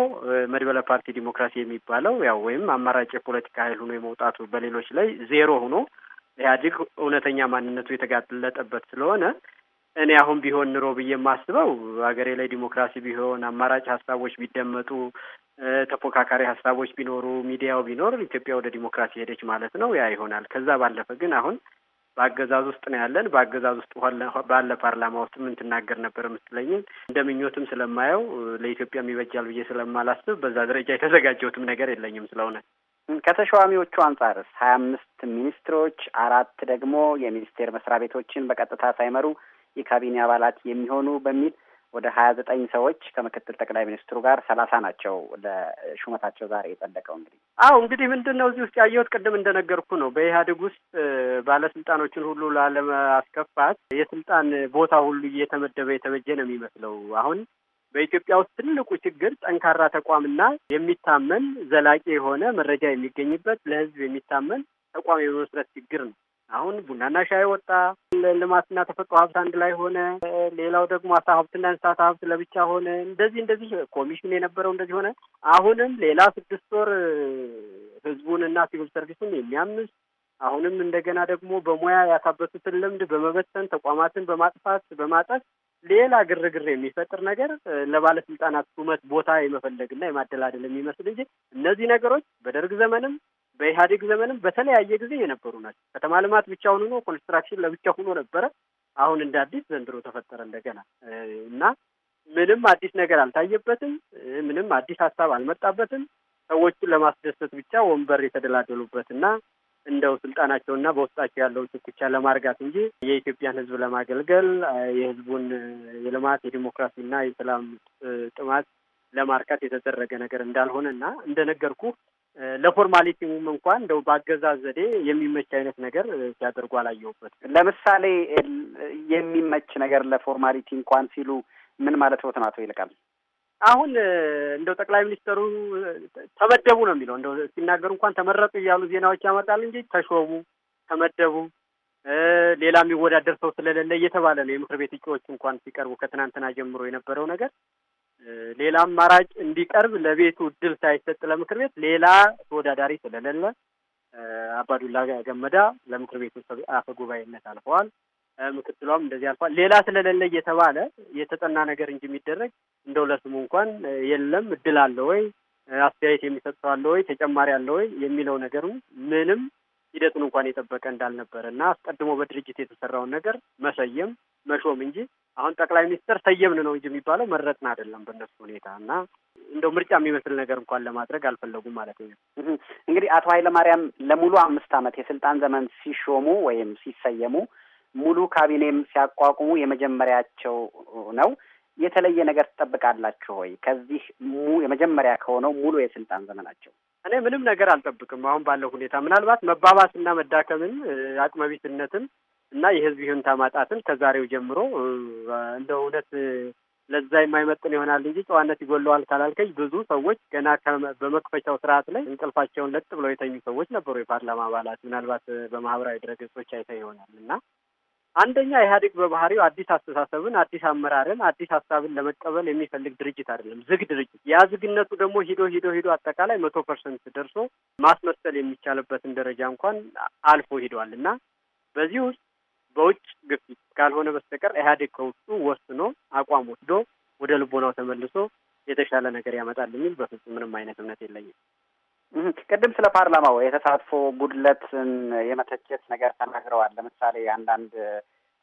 መድበለ ፓርቲ ዲሞክራሲ የሚባለው ያው ወይም አማራጭ የፖለቲካ ኃይል ሆኖ የመውጣቱ በሌሎች ላይ ዜሮ ሆኖ ኢህአዴግ እውነተኛ ማንነቱ የተጋለጠበት ስለሆነ እኔ አሁን ቢሆን ኑሮ ብዬ የማስበው ሀገሬ ላይ ዲሞክራሲ ቢሆን፣ አማራጭ ሀሳቦች ቢደመጡ፣ ተፎካካሪ ሀሳቦች ቢኖሩ፣ ሚዲያው ቢኖር ኢትዮጵያ ወደ ዲሞክራሲ ሄደች ማለት ነው። ያ ይሆናል። ከዛ ባለፈ ግን አሁን በአገዛዝ ውስጥ ነው ያለን። በአገዛዝ ውስጥ ባለ ፓርላማ ውስጥ ምን ትናገር ነበር የምትለኝን እንደ ምኞትም ስለማየው ለኢትዮጵያ የሚበጃል ብዬ ስለማላስብ በዛ ደረጃ የተዘጋጀሁትም ነገር የለኝም ስለሆነ ከተሿሚዎቹ አንጻርስ ሀያ አምስት ሚኒስትሮች፣ አራት ደግሞ የሚኒስቴር መስሪያ ቤቶችን በቀጥታ ሳይመሩ የካቢኔ አባላት የሚሆኑ በሚል ወደ ሀያ ዘጠኝ ሰዎች ከምክትል ጠቅላይ ሚኒስትሩ ጋር ሰላሳ ናቸው ለሹመታቸው ዛሬ የጸደቀው። እንግዲህ አዎ እንግዲህ ምንድን ነው እዚህ ውስጥ ያየሁት ቅድም እንደነገርኩ ነው። በኢህአዴግ ውስጥ ባለስልጣኖችን ሁሉ ላለማስከፋት የስልጣን ቦታ ሁሉ እየተመደበ የተበጀ ነው የሚመስለው አሁን በኢትዮጵያ ውስጥ ትልቁ ችግር ጠንካራ ተቋምና የሚታመን ዘላቂ የሆነ መረጃ የሚገኝበት ለህዝብ የሚታመን ተቋም የመመስረት ችግር ነው። አሁን ቡናና ሻይ ወጣ፣ ልማትና ተፈጥሮ ሀብት አንድ ላይ ሆነ፣ ሌላው ደግሞ አሳ ሀብትና እንስሳት ሀብት ለብቻ ሆነ። እንደዚህ እንደዚህ ኮሚሽን የነበረው እንደዚህ ሆነ። አሁንም ሌላ ስድስት ወር ሕዝቡንና ሲቪል ሰርቪሱን የሚያምስ አሁንም እንደገና ደግሞ በሙያ ያካበቱትን ልምድ በመበተን ተቋማትን በማጥፋት በማጠፍ ሌላ ግርግር የሚፈጥር ነገር ለባለስልጣናት ሹመት ቦታ የመፈለግና የማደላደል የሚመስል እንጂ እነዚህ ነገሮች በደርግ ዘመንም በኢህአዴግ ዘመንም በተለያየ ጊዜ የነበሩ ናቸው። ከተማ ልማት ብቻውን ሆኖ ኮንስትራክሽን ለብቻ ሆኖ ነበረ። አሁን እንደ አዲስ ዘንድሮ ተፈጠረ እንደገና እና ምንም አዲስ ነገር አልታየበትም። ምንም አዲስ ሀሳብ አልመጣበትም። ሰዎቹን ለማስደሰት ብቻ ወንበር የተደላደሉበት እና እንደው ስልጣናቸውና በውስጣቸው ያለውን ትኩቻ ለማርጋት እንጂ የኢትዮጵያን ሕዝብ ለማገልገል የሕዝቡን የልማት የዲሞክራሲና የሰላም ጥማት ለማርካት የተደረገ ነገር እንዳልሆነ እና እንደነገርኩ ለፎርማሊቲውም እንኳን እንደው በአገዛዝ ዘዴ የሚመች አይነት ነገር ሲያደርጉ አላየሁበት። ለምሳሌ የሚመች ነገር ለፎርማሊቲ እንኳን ሲሉ ምን ማለት ነው? አቶ ይልቃል አሁን እንደው ጠቅላይ ሚኒስትሩ ተመደቡ ነው የሚለው። እንደው ሲናገሩ እንኳን ተመረጡ እያሉ ዜናዎች ያመጣል እንጂ ተሾሙ፣ ተመደቡ፣ ሌላ የሚወዳደር ሰው ስለሌለ እየተባለ ነው። የምክር ቤት እጩዎች እንኳን ሲቀርቡ ከትናንትና ጀምሮ የነበረው ነገር ሌላ አማራጭ እንዲቀርብ ለቤቱ እድል ሳይሰጥ ለምክር ቤት ሌላ ተወዳዳሪ ስለሌለ አባዱላ ገመዳ ለምክር ቤቱ አፈ ጉባኤነት አልፈዋል። ምክትሏም እንደዚህ አልፏል። ሌላ ስለሌለ እየተባለ የተጠና ነገር እንጂ የሚደረግ እንደው ለስሙ እንኳን የለም። እድል አለ ወይ አስተያየት የሚሰጥ ሰው አለ ወይ ተጨማሪ አለ ወይ የሚለው ነገሩ ምንም ሂደቱን እንኳን የጠበቀ እንዳልነበረ እና አስቀድሞ በድርጅት የተሰራውን ነገር መሰየም መሾም እንጂ አሁን ጠቅላይ ሚኒስትር ሰየምን ነው እንጂ የሚባለው መረጥን አይደለም። በእነሱ ሁኔታ እና እንደው ምርጫ የሚመስል ነገር እንኳን ለማድረግ አልፈለጉም ማለት ነው። እንግዲህ አቶ ኃይለማርያም ለሙሉ አምስት ዓመት የስልጣን ዘመን ሲሾሙ ወይም ሲሰየሙ ሙሉ ካቢኔም ሲያቋቁሙ የመጀመሪያቸው ነው። የተለየ ነገር ትጠብቃላችሁ ወይ ከዚህ የመጀመሪያ ከሆነው ሙሉ የስልጣን ዘመናቸው? እኔ ምንም ነገር አልጠብቅም። አሁን ባለው ሁኔታ ምናልባት መባባስና መዳከምን፣ አቅመቢትነትን እና የህዝብ ይሁንታ ማጣትን ከዛሬው ጀምሮ እንደ እውነት ለዛ የማይመጥን ይሆናል እንጂ ጨዋነት ይጎለዋል ካላልከኝ ብዙ ሰዎች ገና በመክፈቻው ስርዓት ላይ እንቅልፋቸውን ለጥ ብለው የተኙ ሰዎች ነበሩ። የፓርላማ አባላት ምናልባት በማህበራዊ ድረገጾች አይተ ይሆናል እና አንደኛ ኢህአዴግ በባህሪው አዲስ አስተሳሰብን፣ አዲስ አመራርን፣ አዲስ ሀሳብን ለመቀበል የሚፈልግ ድርጅት አይደለም። ዝግ ድርጅት። ያ ዝግነቱ ደግሞ ሂዶ ሂዶ ሂዶ አጠቃላይ መቶ ፐርሰንት ደርሶ ማስመሰል የሚቻልበትን ደረጃ እንኳን አልፎ ሂዷል እና በዚህ ውስጥ በውጭ ግፊት ካልሆነ በስተቀር ኢህአዴግ ከውስጡ ወስኖ አቋም ወስዶ ወደ ልቦናው ተመልሶ የተሻለ ነገር ያመጣል የሚል በፍጹም ምንም አይነት እምነት የለኝም። ቅድም ስለ ፓርላማው የተሳትፎ ጉድለትን የመተቸት ነገር ተናግረዋል። ለምሳሌ አንዳንድ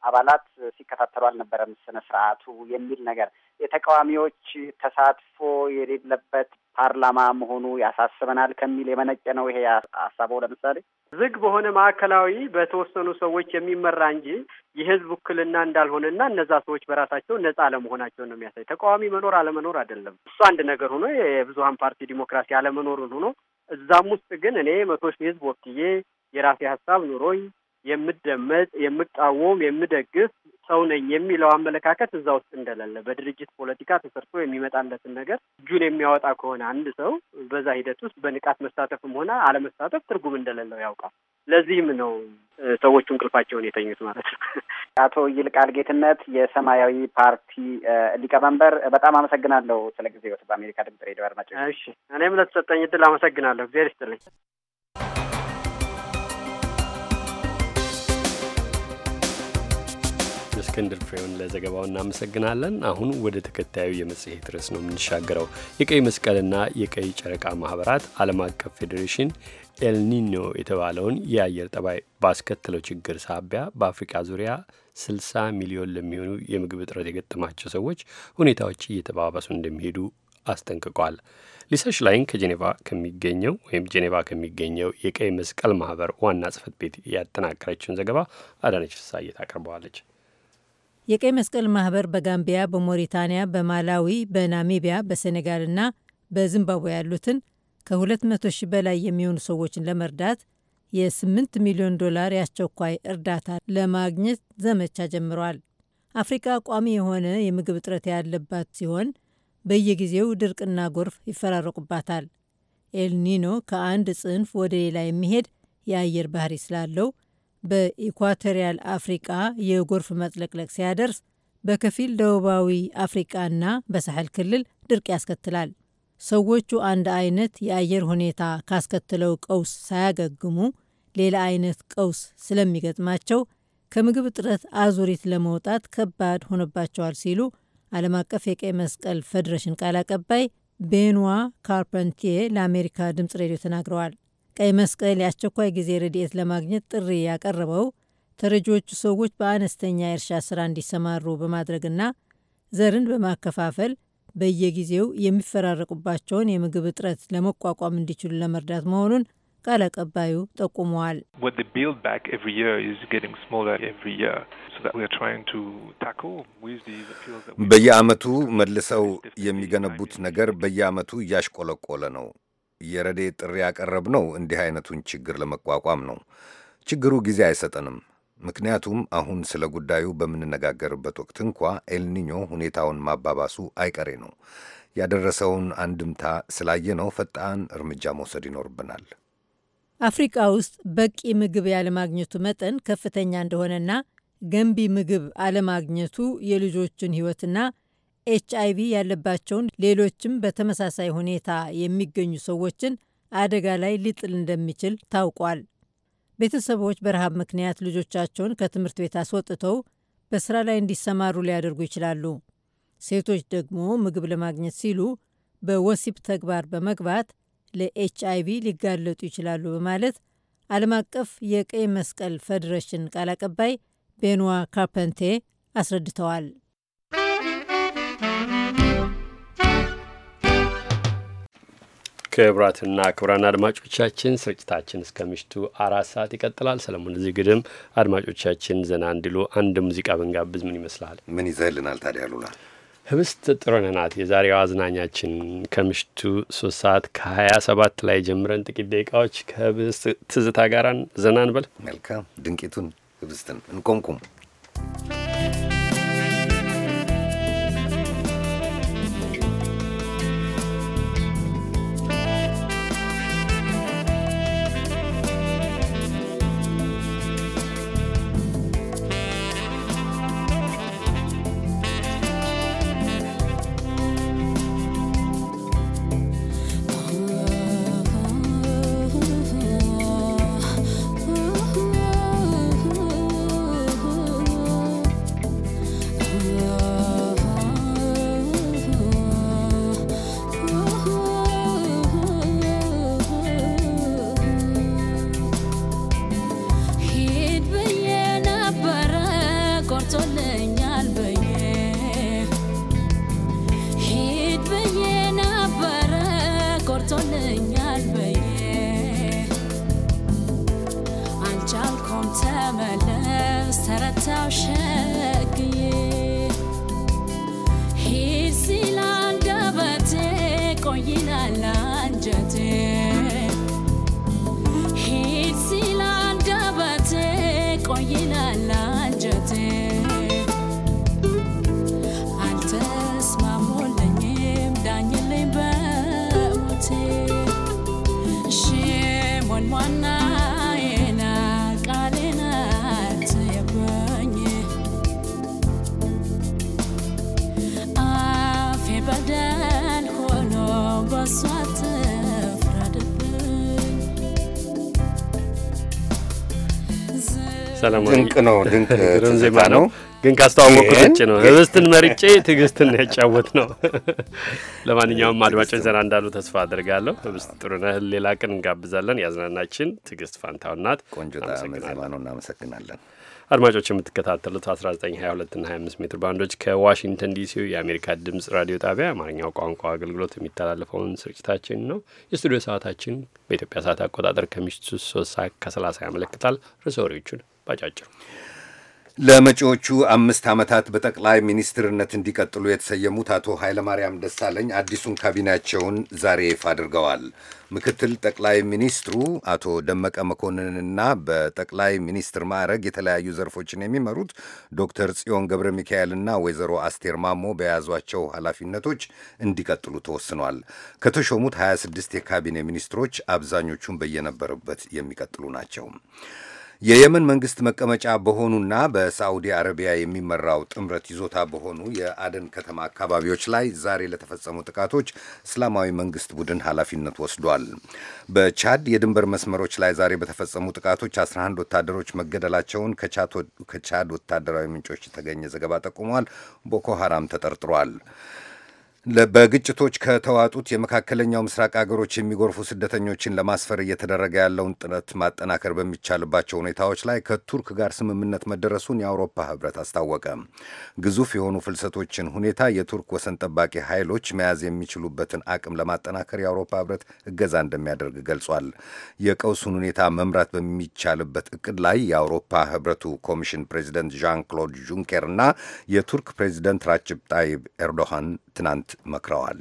አባላት ሲከታተሉ አልነበረም ስነ ስርዓቱ የሚል ነገር የተቃዋሚዎች ተሳትፎ የሌለበት ፓርላማ መሆኑ ያሳስበናል ከሚል የመነጨ ነው ይሄ ሀሳቦ። ለምሳሌ ዝግ በሆነ ማዕከላዊ በተወሰኑ ሰዎች የሚመራ እንጂ የህዝብ ውክልና እንዳልሆነና እነዛ ሰዎች በራሳቸው ነጻ አለመሆናቸውን ነው የሚያሳይ። ተቃዋሚ መኖር አለመኖር አይደለም። እሱ አንድ ነገር ሆኖ የብዙሀን ፓርቲ ዲሞክራሲ አለመኖሩን ሆኖ እዛም ውስጥ ግን እኔ መቶ ሺህ ህዝብ ወክዬ የራሴ ሀሳብ ኑሮኝ የምደመጥ፣ የምቃወም፣ የምደግፍ ሰው ነኝ የሚለው አመለካከት እዛ ውስጥ እንደሌለ በድርጅት ፖለቲካ ተሰርቶ የሚመጣለትን ነገር እጁን የሚያወጣ ከሆነ አንድ ሰው በዛ ሂደት ውስጥ በንቃት መሳተፍም ሆነ አለመሳተፍ ትርጉም እንደሌለው ያውቃል። ለዚህም ነው ሰዎቹ እንቅልፋቸውን የተኙት ማለት ነው። [LAUGHS] አቶ ይልቃል ጌትነት የሰማያዊ ፓርቲ ሊቀመንበር፣ በጣም አመሰግናለሁ ስለ ጊዜዎት። በአሜሪካ ድምጽ ሬዲዮ አድማጮች፣ እሺ እኔም ለተሰጠኝ እድል አመሰግናለሁ። እግዚአብሔር ይስጥልኝ። እስክንድር ፍሬውን ለዘገባው እናመሰግናለን። አሁን ወደ ተከታዩ የመጽሔት ርዕስ ነው የምንሻገረው። የቀይ መስቀልና የቀይ ጨረቃ ማህበራት ዓለም አቀፍ ፌዴሬሽን ኤልኒኖ የተባለውን የአየር ጠባይ ባስከተለው ችግር ሳቢያ በአፍሪካ ዙሪያ 60 ሚሊዮን ለሚሆኑ የምግብ እጥረት የገጠማቸው ሰዎች ሁኔታዎች እየተባባሱ እንደሚሄዱ አስጠንቅቋል። ሊሳ ሽላይን ከጄኔቫ ከሚገኘው ወይም ጄኔቫ ከሚገኘው የቀይ መስቀል ማህበር ዋና ጽህፈት ቤት ያጠናቀረችውን ዘገባ አዳነች ፍሳዬ ታቀርበዋለች። የቀይ መስቀል ማህበር በጋምቢያ፣ በሞሪታንያ፣ በማላዊ፣ በናሚቢያ፣ በሴኔጋል እና በዚምባብዌ ያሉትን ከ200 ሺህ በላይ የሚሆኑ ሰዎችን ለመርዳት የ8 ሚሊዮን ዶላር የአስቸኳይ እርዳታ ለማግኘት ዘመቻ ጀምረዋል። አፍሪካ ቋሚ የሆነ የምግብ እጥረት ያለባት ሲሆን በየጊዜው ድርቅና ጎርፍ ይፈራረቁባታል። ኤልኒኖ ከአንድ ጽንፍ ወደ ሌላ የሚሄድ የአየር ባህሪ ስላለው በኢኳቶሪያል አፍሪቃ የጎርፍ መጥለቅለቅ ሲያደርስ በከፊል ደቡባዊ አፍሪቃና በሳሐል ክልል ድርቅ ያስከትላል። ሰዎቹ አንድ አይነት የአየር ሁኔታ ካስከተለው ቀውስ ሳያገግሙ ሌላ አይነት ቀውስ ስለሚገጥማቸው ከምግብ እጥረት አዙሪት ለመውጣት ከባድ ሆነባቸዋል ሲሉ ዓለም አቀፍ የቀይ መስቀል ፌዴሬሽን ቃል አቀባይ ቤንዋ ካርፐንቲዬ ለአሜሪካ ድምፅ ሬዲዮ ተናግረዋል። ቀይ መስቀል የአስቸኳይ ጊዜ ረድኤት ለማግኘት ጥሪ ያቀረበው ተረጂዎቹ ሰዎች በአነስተኛ የእርሻ ስራ እንዲሰማሩ በማድረግና ዘርን በማከፋፈል በየጊዜው የሚፈራረቁባቸውን የምግብ እጥረት ለመቋቋም እንዲችሉ ለመርዳት መሆኑን ቃል አቀባዩ ጠቁመዋል። መልሰው የሚገነቡት ነገር በየአመቱ እያሽቆለቆለ ነው። የረዴ ጥሪ ያቀረብነው እንዲህ አይነቱን ችግር ለመቋቋም ነው። ችግሩ ጊዜ አይሰጠንም። ምክንያቱም አሁን ስለ ጉዳዩ በምንነጋገርበት ወቅት እንኳ ኤልኒኞ ሁኔታውን ማባባሱ አይቀሬ ነው። ያደረሰውን አንድምታ ስላየነው ፈጣን እርምጃ መውሰድ ይኖርብናል። አፍሪቃ ውስጥ በቂ ምግብ ያለማግኘቱ መጠን ከፍተኛ እንደሆነና ገንቢ ምግብ አለማግኘቱ የልጆችን ሕይወትና ኤች አይ ቪ ያለባቸውን ሌሎችም በተመሳሳይ ሁኔታ የሚገኙ ሰዎችን አደጋ ላይ ሊጥል እንደሚችል ታውቋል። ቤተሰቦች በረሃብ ምክንያት ልጆቻቸውን ከትምህርት ቤት አስወጥተው በስራ ላይ እንዲሰማሩ ሊያደርጉ ይችላሉ። ሴቶች ደግሞ ምግብ ለማግኘት ሲሉ በወሲብ ተግባር በመግባት ለኤች አይ ቪ ሊጋለጡ ይችላሉ በማለት ዓለም አቀፍ የቀይ መስቀል ፌዴሬሽን ቃል አቀባይ ቤንዋ ካርፐንቴ አስረድተዋል። ክቡራትና ክቡራን አድማጮቻችን ስርጭታችን እስከ ምሽቱ አራት ሰዓት ይቀጥላል። ሰለሞን እዚህ ግድም አድማጮቻችን ዘና እንዲሉ አንድ ሙዚቃ ብንጋብዝ ምን ይመስልሃል? ምን ይዘህልናል ታዲያ ሉላ? ህብስት ጥሩነህ ናት የዛሬዋ አዝናኛችን። ከምሽቱ ሶስት ሰዓት ከሀያ ሰባት ላይ ጀምረን ጥቂት ደቂቃዎች ከህብስት ትዝታ ጋራን ዘና እንበል። መልካም ድንቂቱን ህብስትን እንቆምቁም Thank ድንቅ ነው። ድንቅ [LAUGHS] ዜማ ነው ግን ካስተዋወቁ ውጭ ነው። ህብስትን መርጬ [LAUGHS] ትዕግስትን ያጫወት [LAUGHS] ነው። ለማንኛውም አድማጮች ዘና እንዳሉ ተስፋ አድርጋለሁ። ህብስት ጥሩነህ ሌላ ቀን እንጋብዛለን። ያዝናናችን ትዕግስት ፋንታው ናት። ቆንጆ ዜማ ነው። እናመሰግናለን። አድማጮች የምትከታተሉት 1922 እና 25 ሜትር ባንዶች ከዋሽንግተን ዲሲ የአሜሪካ ድምፅ ራዲዮ ጣቢያ አማርኛው ቋንቋ አገልግሎት የሚተላለፈውን ስርጭታችን ነው። የስቱዲዮ ሰዓታችን በኢትዮጵያ ሰዓት አቆጣጠር ከምሽቱ 3 ሰዓት ከ30 ያመለክታል። ርዕሰ ወሬዎቹን ባጫጭሩ ለመጪዎቹ አምስት ዓመታት በጠቅላይ ሚኒስትርነት እንዲቀጥሉ የተሰየሙት አቶ ኃይለማርያም ደሳለኝ አዲሱን ካቢኔያቸውን ዛሬ ይፋ አድርገዋል። ምክትል ጠቅላይ ሚኒስትሩ አቶ ደመቀ መኮንንና በጠቅላይ ሚኒስትር ማዕረግ የተለያዩ ዘርፎችን የሚመሩት ዶክተር ጽዮን ገብረ ሚካኤልና ወይዘሮ አስቴር ማሞ በያዟቸው ኃላፊነቶች እንዲቀጥሉ ተወስኗል። ከተሾሙት 26 የካቢኔ ሚኒስትሮች አብዛኞቹን በየነበሩበት የሚቀጥሉ ናቸው። የየመን መንግስት መቀመጫ በሆኑና በሳዑዲ አረቢያ የሚመራው ጥምረት ይዞታ በሆኑ የአደን ከተማ አካባቢዎች ላይ ዛሬ ለተፈጸሙ ጥቃቶች እስላማዊ መንግስት ቡድን ኃላፊነት ወስዷል። በቻድ የድንበር መስመሮች ላይ ዛሬ በተፈጸሙ ጥቃቶች 11 ወታደሮች መገደላቸውን ከቻድ ወታደራዊ ምንጮች የተገኘ ዘገባ ጠቁሟል። ቦኮ ሐራም ተጠርጥሯል። በግጭቶች ከተዋጡት የመካከለኛው ምስራቅ አገሮች የሚጎርፉ ስደተኞችን ለማስፈር እየተደረገ ያለውን ጥረት ማጠናከር በሚቻልባቸው ሁኔታዎች ላይ ከቱርክ ጋር ስምምነት መደረሱን የአውሮፓ ህብረት አስታወቀ። ግዙፍ የሆኑ ፍልሰቶችን ሁኔታ የቱርክ ወሰን ጠባቂ ኃይሎች መያዝ የሚችሉበትን አቅም ለማጠናከር የአውሮፓ ህብረት እገዛ እንደሚያደርግ ገልጿል። የቀውሱን ሁኔታ መምራት በሚቻልበት እቅድ ላይ የአውሮፓ ህብረቱ ኮሚሽን ፕሬዚደንት ዣን ክሎድ ጁንኬር እና የቱርክ ፕሬዚደንት ራችብ ጣይብ ኤርዶሃን ትናንት መክረዋል።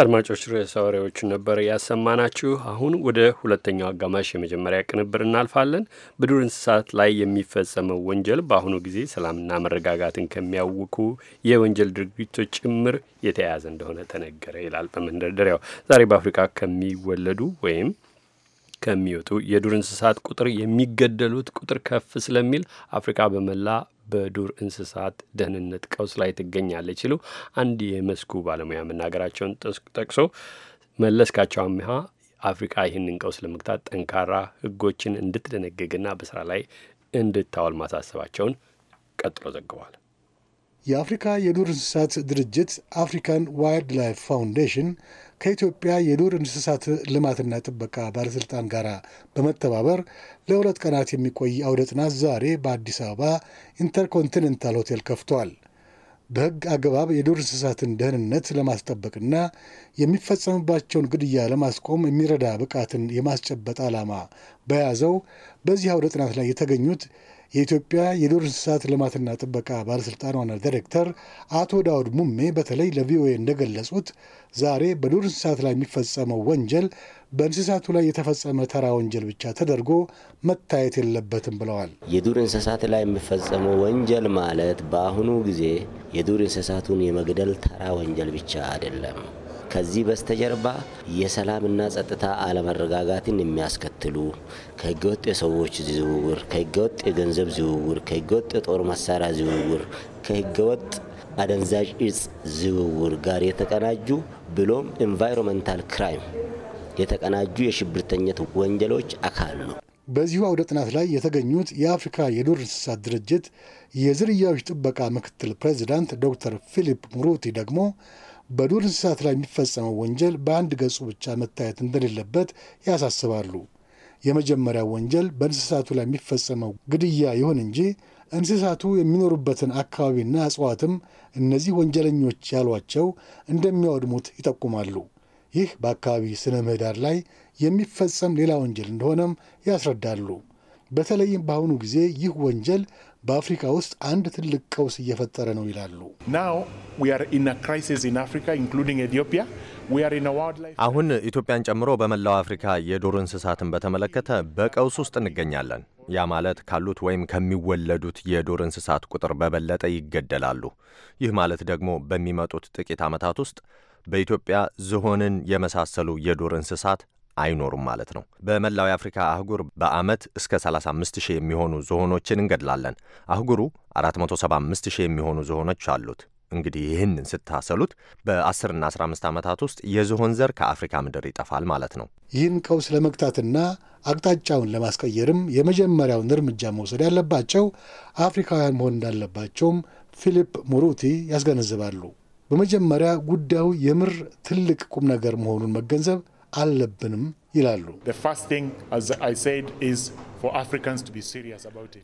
አድማጮች ርዕሰ ወሬዎቹን ነበር ያሰማናችሁ። አሁን ወደ ሁለተኛው አጋማሽ የመጀመሪያ ቅንብር እናልፋለን። በዱር እንስሳት ላይ የሚፈጸመው ወንጀል በአሁኑ ጊዜ ሰላምና መረጋጋትን ከሚያውኩ የወንጀል ድርጊቶች ጭምር የተያያዘ እንደሆነ ተነገረ ይላል በመንደርደሪያው ዛሬ በአፍሪካ ከሚወለዱ ወይም ከሚወጡ የዱር እንስሳት ቁጥር የሚገደሉት ቁጥር ከፍ ስለሚል አፍሪካ በመላ በዱር እንስሳት ደህንነት ቀውስ ላይ ትገኛለች ሲሉ አንድ የመስኩ ባለሙያ መናገራቸውን ጠቅሶ መለስካቸው አምሃ አፍሪካ ይህንን ቀውስ ለመግታት ጠንካራ ሕጎችን እንድትደነግግና በስራ ላይ እንድታወል ማሳሰባቸውን ቀጥሎ ዘግቧል። የአፍሪካ የዱር እንስሳት ድርጅት አፍሪካን ዋይልድ ላይፍ ፋውንዴሽን ከኢትዮጵያ የዱር እንስሳት ልማትና ጥበቃ ባለሥልጣን ጋር በመተባበር ለሁለት ቀናት የሚቆይ አውደ ጥናት ዛሬ በአዲስ አበባ ኢንተርኮንቲኔንታል ሆቴል ከፍቷል። በሕግ አግባብ የዱር እንስሳትን ደህንነት ለማስጠበቅና የሚፈጸምባቸውን ግድያ ለማስቆም የሚረዳ ብቃትን የማስጨበጥ ዓላማ በያዘው በዚህ አውደ ጥናት ላይ የተገኙት የኢትዮጵያ የዱር እንስሳት ልማትና ጥበቃ ባለስልጣን ዋና ዳይሬክተር አቶ ዳውድ ሙሜ በተለይ ለቪኦኤ እንደገለጹት ዛሬ በዱር እንስሳት ላይ የሚፈጸመው ወንጀል በእንስሳቱ ላይ የተፈጸመ ተራ ወንጀል ብቻ ተደርጎ መታየት የለበትም ብለዋል። የዱር እንስሳት ላይ የሚፈጸመው ወንጀል ማለት በአሁኑ ጊዜ የዱር እንስሳቱን የመግደል ተራ ወንጀል ብቻ አይደለም። ከዚህ በስተጀርባ የሰላምና ጸጥታ አለመረጋጋትን የሚያስከትሉ ከህገወጥ የሰዎች ዝውውር፣ ከህገወጥ የገንዘብ ዝውውር፣ ከህገወጥ የጦር መሳሪያ ዝውውር፣ ከህገወጥ አደንዛዥ እጽ ዝውውር ጋር የተቀናጁ ብሎም ኢንቫይሮመንታል ክራይም የተቀናጁ የሽብርተኝነት ወንጀሎች አካል ነው። በዚሁ አውደ ጥናት ላይ የተገኙት የአፍሪካ የዱር እንስሳት ድርጅት የዝርያዎች ጥበቃ ምክትል ፕሬዚዳንት ዶክተር ፊሊፕ ሙሩቲ ደግሞ በዱር እንስሳት ላይ የሚፈጸመው ወንጀል በአንድ ገጹ ብቻ መታየት እንደሌለበት ያሳስባሉ። የመጀመሪያው ወንጀል በእንስሳቱ ላይ የሚፈጸመው ግድያ ይሁን እንጂ እንስሳቱ የሚኖሩበትን አካባቢና እጽዋትም እነዚህ ወንጀለኞች ያሏቸው እንደሚያወድሙት ይጠቁማሉ። ይህ በአካባቢ ስነ ምህዳር ላይ የሚፈጸም ሌላ ወንጀል እንደሆነም ያስረዳሉ። በተለይም በአሁኑ ጊዜ ይህ ወንጀል በአፍሪካ ውስጥ አንድ ትልቅ ቀውስ እየፈጠረ ነው ይላሉ። አሁን ኢትዮጵያን ጨምሮ በመላው አፍሪካ የዱር እንስሳትን በተመለከተ በቀውስ ውስጥ እንገኛለን። ያ ማለት ካሉት ወይም ከሚወለዱት የዱር እንስሳት ቁጥር በበለጠ ይገደላሉ። ይህ ማለት ደግሞ በሚመጡት ጥቂት ዓመታት ውስጥ በኢትዮጵያ ዝሆንን የመሳሰሉ የዱር እንስሳት አይኖሩም ማለት ነው። በመላው የአፍሪካ አህጉር በዓመት እስከ 35000 የሚሆኑ ዝሆኖችን እንገድላለን። አህጉሩ 475000 የሚሆኑ ዝሆኖች አሉት። እንግዲህ ይህንን ስታሰሉት በ10ና 15 ዓመታት ውስጥ የዝሆን ዘር ከአፍሪካ ምድር ይጠፋል ማለት ነው። ይህን ቀውስ ለመግታትና አቅጣጫውን ለማስቀየርም የመጀመሪያውን እርምጃ መውሰድ ያለባቸው አፍሪካውያን መሆን እንዳለባቸውም ፊሊፕ ሙሩቲ ያስገነዝባሉ። በመጀመሪያ ጉዳዩ የምር ትልቅ ቁም ነገር መሆኑን መገንዘብ አለብንም ይላሉ።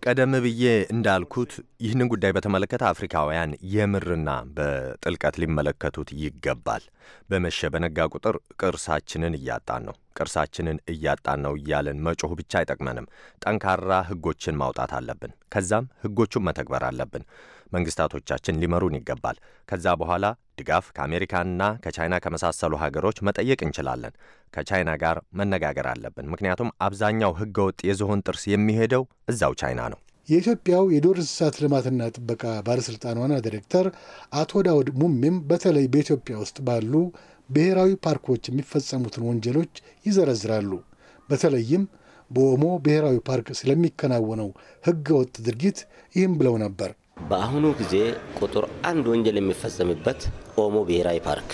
ቀደም ብዬ እንዳልኩት ይህንን ጉዳይ በተመለከተ አፍሪካውያን የምርና በጥልቀት ሊመለከቱት ይገባል። በመሸ በነጋ ቁጥር ቅርሳችንን እያጣን ነው፣ ቅርሳችንን እያጣን ነው እያለን መጮህ ብቻ አይጠቅመንም። ጠንካራ ሕጎችን ማውጣት አለብን። ከዛም ሕጎቹን መተግበር አለብን። መንግስታቶቻችን ሊመሩን ይገባል። ከዛ በኋላ ድጋፍ ከአሜሪካና ከቻይና ከመሳሰሉ ሀገሮች መጠየቅ እንችላለን። ከቻይና ጋር መነጋገር አለብን። ምክንያቱም አብዛኛው ህገወጥ የዝሆን ጥርስ የሚሄደው እዛው ቻይና ነው። የኢትዮጵያው የዱር እንስሳት ልማትና ጥበቃ ባለሥልጣን ዋና ዲሬክተር አቶ ዳውድ ሙሚም በተለይ በኢትዮጵያ ውስጥ ባሉ ብሔራዊ ፓርኮች የሚፈጸሙትን ወንጀሎች ይዘረዝራሉ። በተለይም በኦሞ ብሔራዊ ፓርክ ስለሚከናወነው ህገወጥ ድርጊት ይህም ብለው ነበር። በአሁኑ ጊዜ ቁጥር አንድ ወንጀል የሚፈጸምበት ኦሞ ብሔራዊ ፓርክ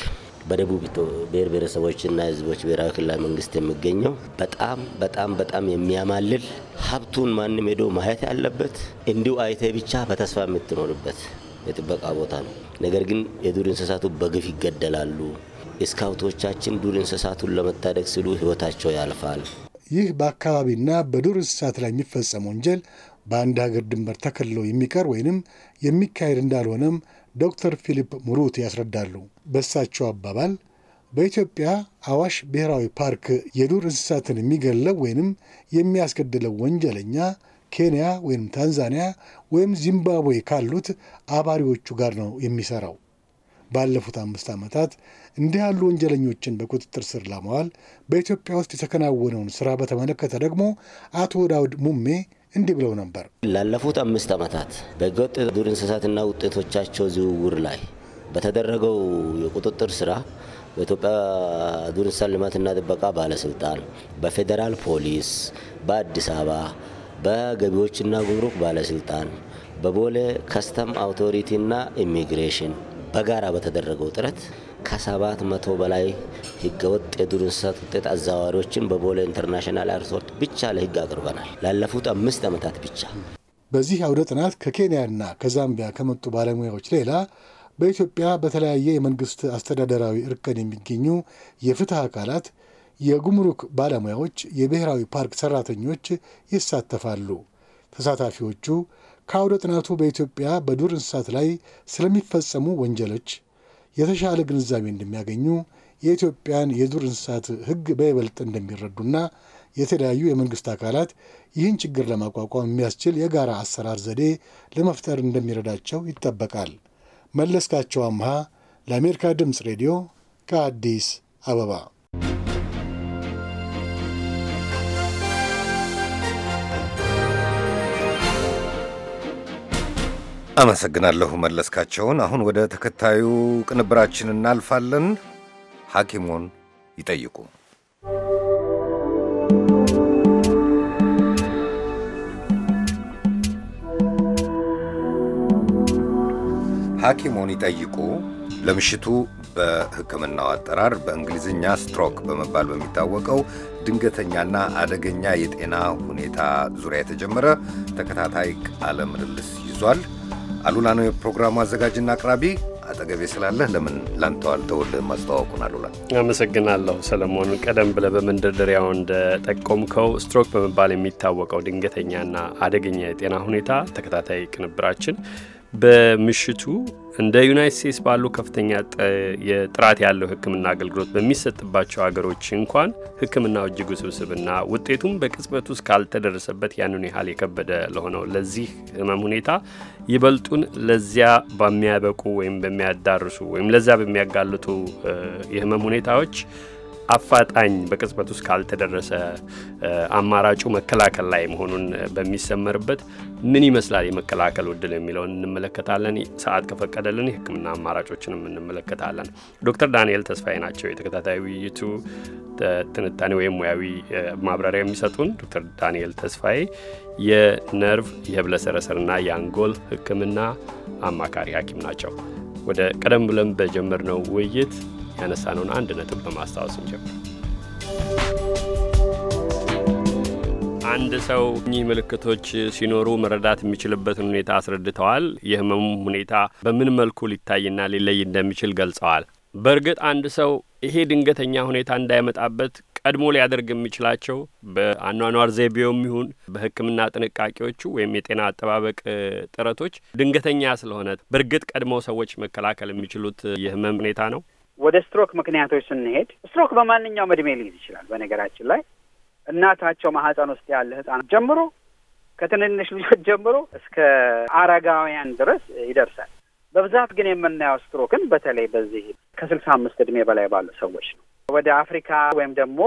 በደቡብ ብሔር ብሔረሰቦችና ሕዝቦች ብሔራዊ ክልላዊ መንግስት የሚገኘው በጣም በጣም በጣም የሚያማልል ሀብቱን ማንም ሄዶ ማየት ያለበት እንዲሁ አይተ ብቻ በተስፋ የምትኖርበት የጥበቃ ቦታ ነው። ነገር ግን የዱር እንስሳቱ በግፍ ይገደላሉ። ስካውቶቻችን ዱር እንስሳቱን ለመታደግ ሲሉ ህይወታቸው ያልፋል። ይህ በአካባቢና በዱር እንስሳት ላይ የሚፈጸም ወንጀል በአንድ ሀገር ድንበር ተከልሎ የሚቀር ወይንም የሚካሄድ እንዳልሆነም ዶክተር ፊሊፕ ሙሩት ያስረዳሉ። በእሳቸው አባባል በኢትዮጵያ አዋሽ ብሔራዊ ፓርክ የዱር እንስሳትን የሚገለው ወይንም የሚያስገድለው ወንጀለኛ ኬንያ ወይም ታንዛኒያ ወይም ዚምባብዌ ካሉት አባሪዎቹ ጋር ነው የሚሰራው። ባለፉት አምስት ዓመታት እንዲህ ያሉ ወንጀለኞችን በቁጥጥር ስር ለማዋል በኢትዮጵያ ውስጥ የተከናወነውን ስራ በተመለከተ ደግሞ አቶ ዳውድ ሙሜ እንዲህ ብለው ነበር። ላለፉት አምስት ዓመታት በህገወጥ ዱር እንስሳትና ውጤቶቻቸው ዝውውር ላይ በተደረገው የቁጥጥር ስራ በኢትዮጵያ ዱር እንስሳት ልማትና ጥበቃ ባለስልጣን፣ በፌዴራል ፖሊስ፣ በአዲስ አበባ በገቢዎችና ጉምሩክ ባለስልጣን፣ በቦሌ ከስተም አውቶሪቲና ኢሚግሬሽን በጋራ በተደረገው ጥረት ከሰባት መቶ በላይ ህገወጥ የዱር እንስሳት ውጤት አዘዋዋሪዎችን በቦሌ ኢንተርናሽናል ኤርፖርት ብቻ ለህግ አቅርበናል ላለፉት አምስት ዓመታት ብቻ። በዚህ አውደ ጥናት ከኬንያና ከዛምቢያ ከመጡ ባለሙያዎች ሌላ በኢትዮጵያ በተለያየ የመንግስት አስተዳደራዊ እርከን የሚገኙ የፍትህ አካላት፣ የጉምሩክ ባለሙያዎች፣ የብሔራዊ ፓርክ ሰራተኞች ይሳተፋሉ። ተሳታፊዎቹ ከአውደ ጥናቱ በኢትዮጵያ በዱር እንስሳት ላይ ስለሚፈጸሙ ወንጀሎች የተሻለ ግንዛቤ እንደሚያገኙ የኢትዮጵያን የዱር እንስሳት ሕግ በይበልጥ እንደሚረዱና የተለያዩ የመንግስት አካላት ይህን ችግር ለማቋቋም የሚያስችል የጋራ አሰራር ዘዴ ለመፍጠር እንደሚረዳቸው ይጠበቃል። መለስካቸው አምሃ ለአሜሪካ ድምፅ ሬዲዮ ከአዲስ አበባ አመሰግናለሁ መለስካቸውን። አሁን ወደ ተከታዩ ቅንብራችን እናልፋለን። ሐኪሙን ይጠይቁ ሐኪሙን ይጠይቁ ለምሽቱ በሕክምናው አጠራር በእንግሊዝኛ ስትሮክ በመባል በሚታወቀው ድንገተኛና አደገኛ የጤና ሁኔታ ዙሪያ የተጀመረ ተከታታይ ቃለ ምልልስ ይዟል። አሉላ ነው የፕሮግራሙ አዘጋጅና አቅራቢ። አጠገቤ ስላለህ ለምን ላንተው አልተውልህም? ማስተዋወቁን አሉላ አመሰግናለሁ ሰለሞን። ቀደም ብለህ በመንደርደሪያው እንደጠቆምከው ስትሮክ በመባል የሚታወቀው ድንገተኛና አደገኛ የጤና ሁኔታ ተከታታይ ቅንብራችን በምሽቱ እንደ ዩናይት ስቴትስ ባሉ ከፍተኛ የጥራት ያለው ሕክምና አገልግሎት በሚሰጥባቸው ሀገሮች እንኳን ሕክምናው እጅግ ውስብስብና ውጤቱም በቅጽበት ውስጥ ካልተደረሰበት ያንን ያህል የከበደ ለሆነው ለዚህ ህመም ሁኔታ ይበልጡን ለዚያ በሚያበቁ ወይም በሚያዳርሱ ወይም ለዚያ በሚያጋልጡ የህመም ሁኔታዎች አፋጣኝ በቅጽበት ውስጥ ካልተደረሰ አማራጩ መከላከል ላይ መሆኑን በሚሰመርበት ምን ይመስላል የመከላከል ውድል የሚለውን እንመለከታለን። ሰዓት ከፈቀደልን የሕክምና አማራጮችንም እንመለከታለን። ዶክተር ዳንኤል ተስፋዬ ናቸው የተከታታይ ውይይቱ ትንታኔ ወይም ሙያዊ ማብራሪያ የሚሰጡን። ዶክተር ዳንኤል ተስፋዬ የነርቭ የህብለሰረሰርና የአንጎል ሕክምና አማካሪ ሐኪም ናቸው። ወደ ቀደም ብለን በጀመርነው ውይይት ያነሳነውን አንድ ነጥብ በማስታወስ እንጀምር። አንድ ሰው እኚህ ምልክቶች ሲኖሩ መረዳት የሚችልበትን ሁኔታ አስረድተዋል። የህመሙ ሁኔታ በምን መልኩ ሊታይና ሊለይ እንደሚችል ገልጸዋል። በእርግጥ አንድ ሰው ይሄ ድንገተኛ ሁኔታ እንዳይመጣበት ቀድሞ ሊያደርግ የሚችላቸው በአኗኗር ዘይቤውም ይሁን በሕክምና ጥንቃቄዎቹ ወይም የጤና አጠባበቅ ጥረቶች ድንገተኛ ስለሆነ በእርግጥ ቀድሞ ሰዎች መከላከል የሚችሉት የህመም ሁኔታ ነው። ወደ ስትሮክ ምክንያቶች ስንሄድ ስትሮክ በማንኛውም እድሜ ሊይዝ ይችላል። በነገራችን ላይ እናታቸው ማህፀን ውስጥ ያለ ህጻናት ጀምሮ ከትንንሽ ልጆች ጀምሮ እስከ አረጋውያን ድረስ ይደርሳል። በብዛት ግን የምናየው ስትሮክን በተለይ በዚህ ከስልሳ አምስት እድሜ በላይ ባሉ ሰዎች ነው። ወደ አፍሪካ ወይም ደግሞ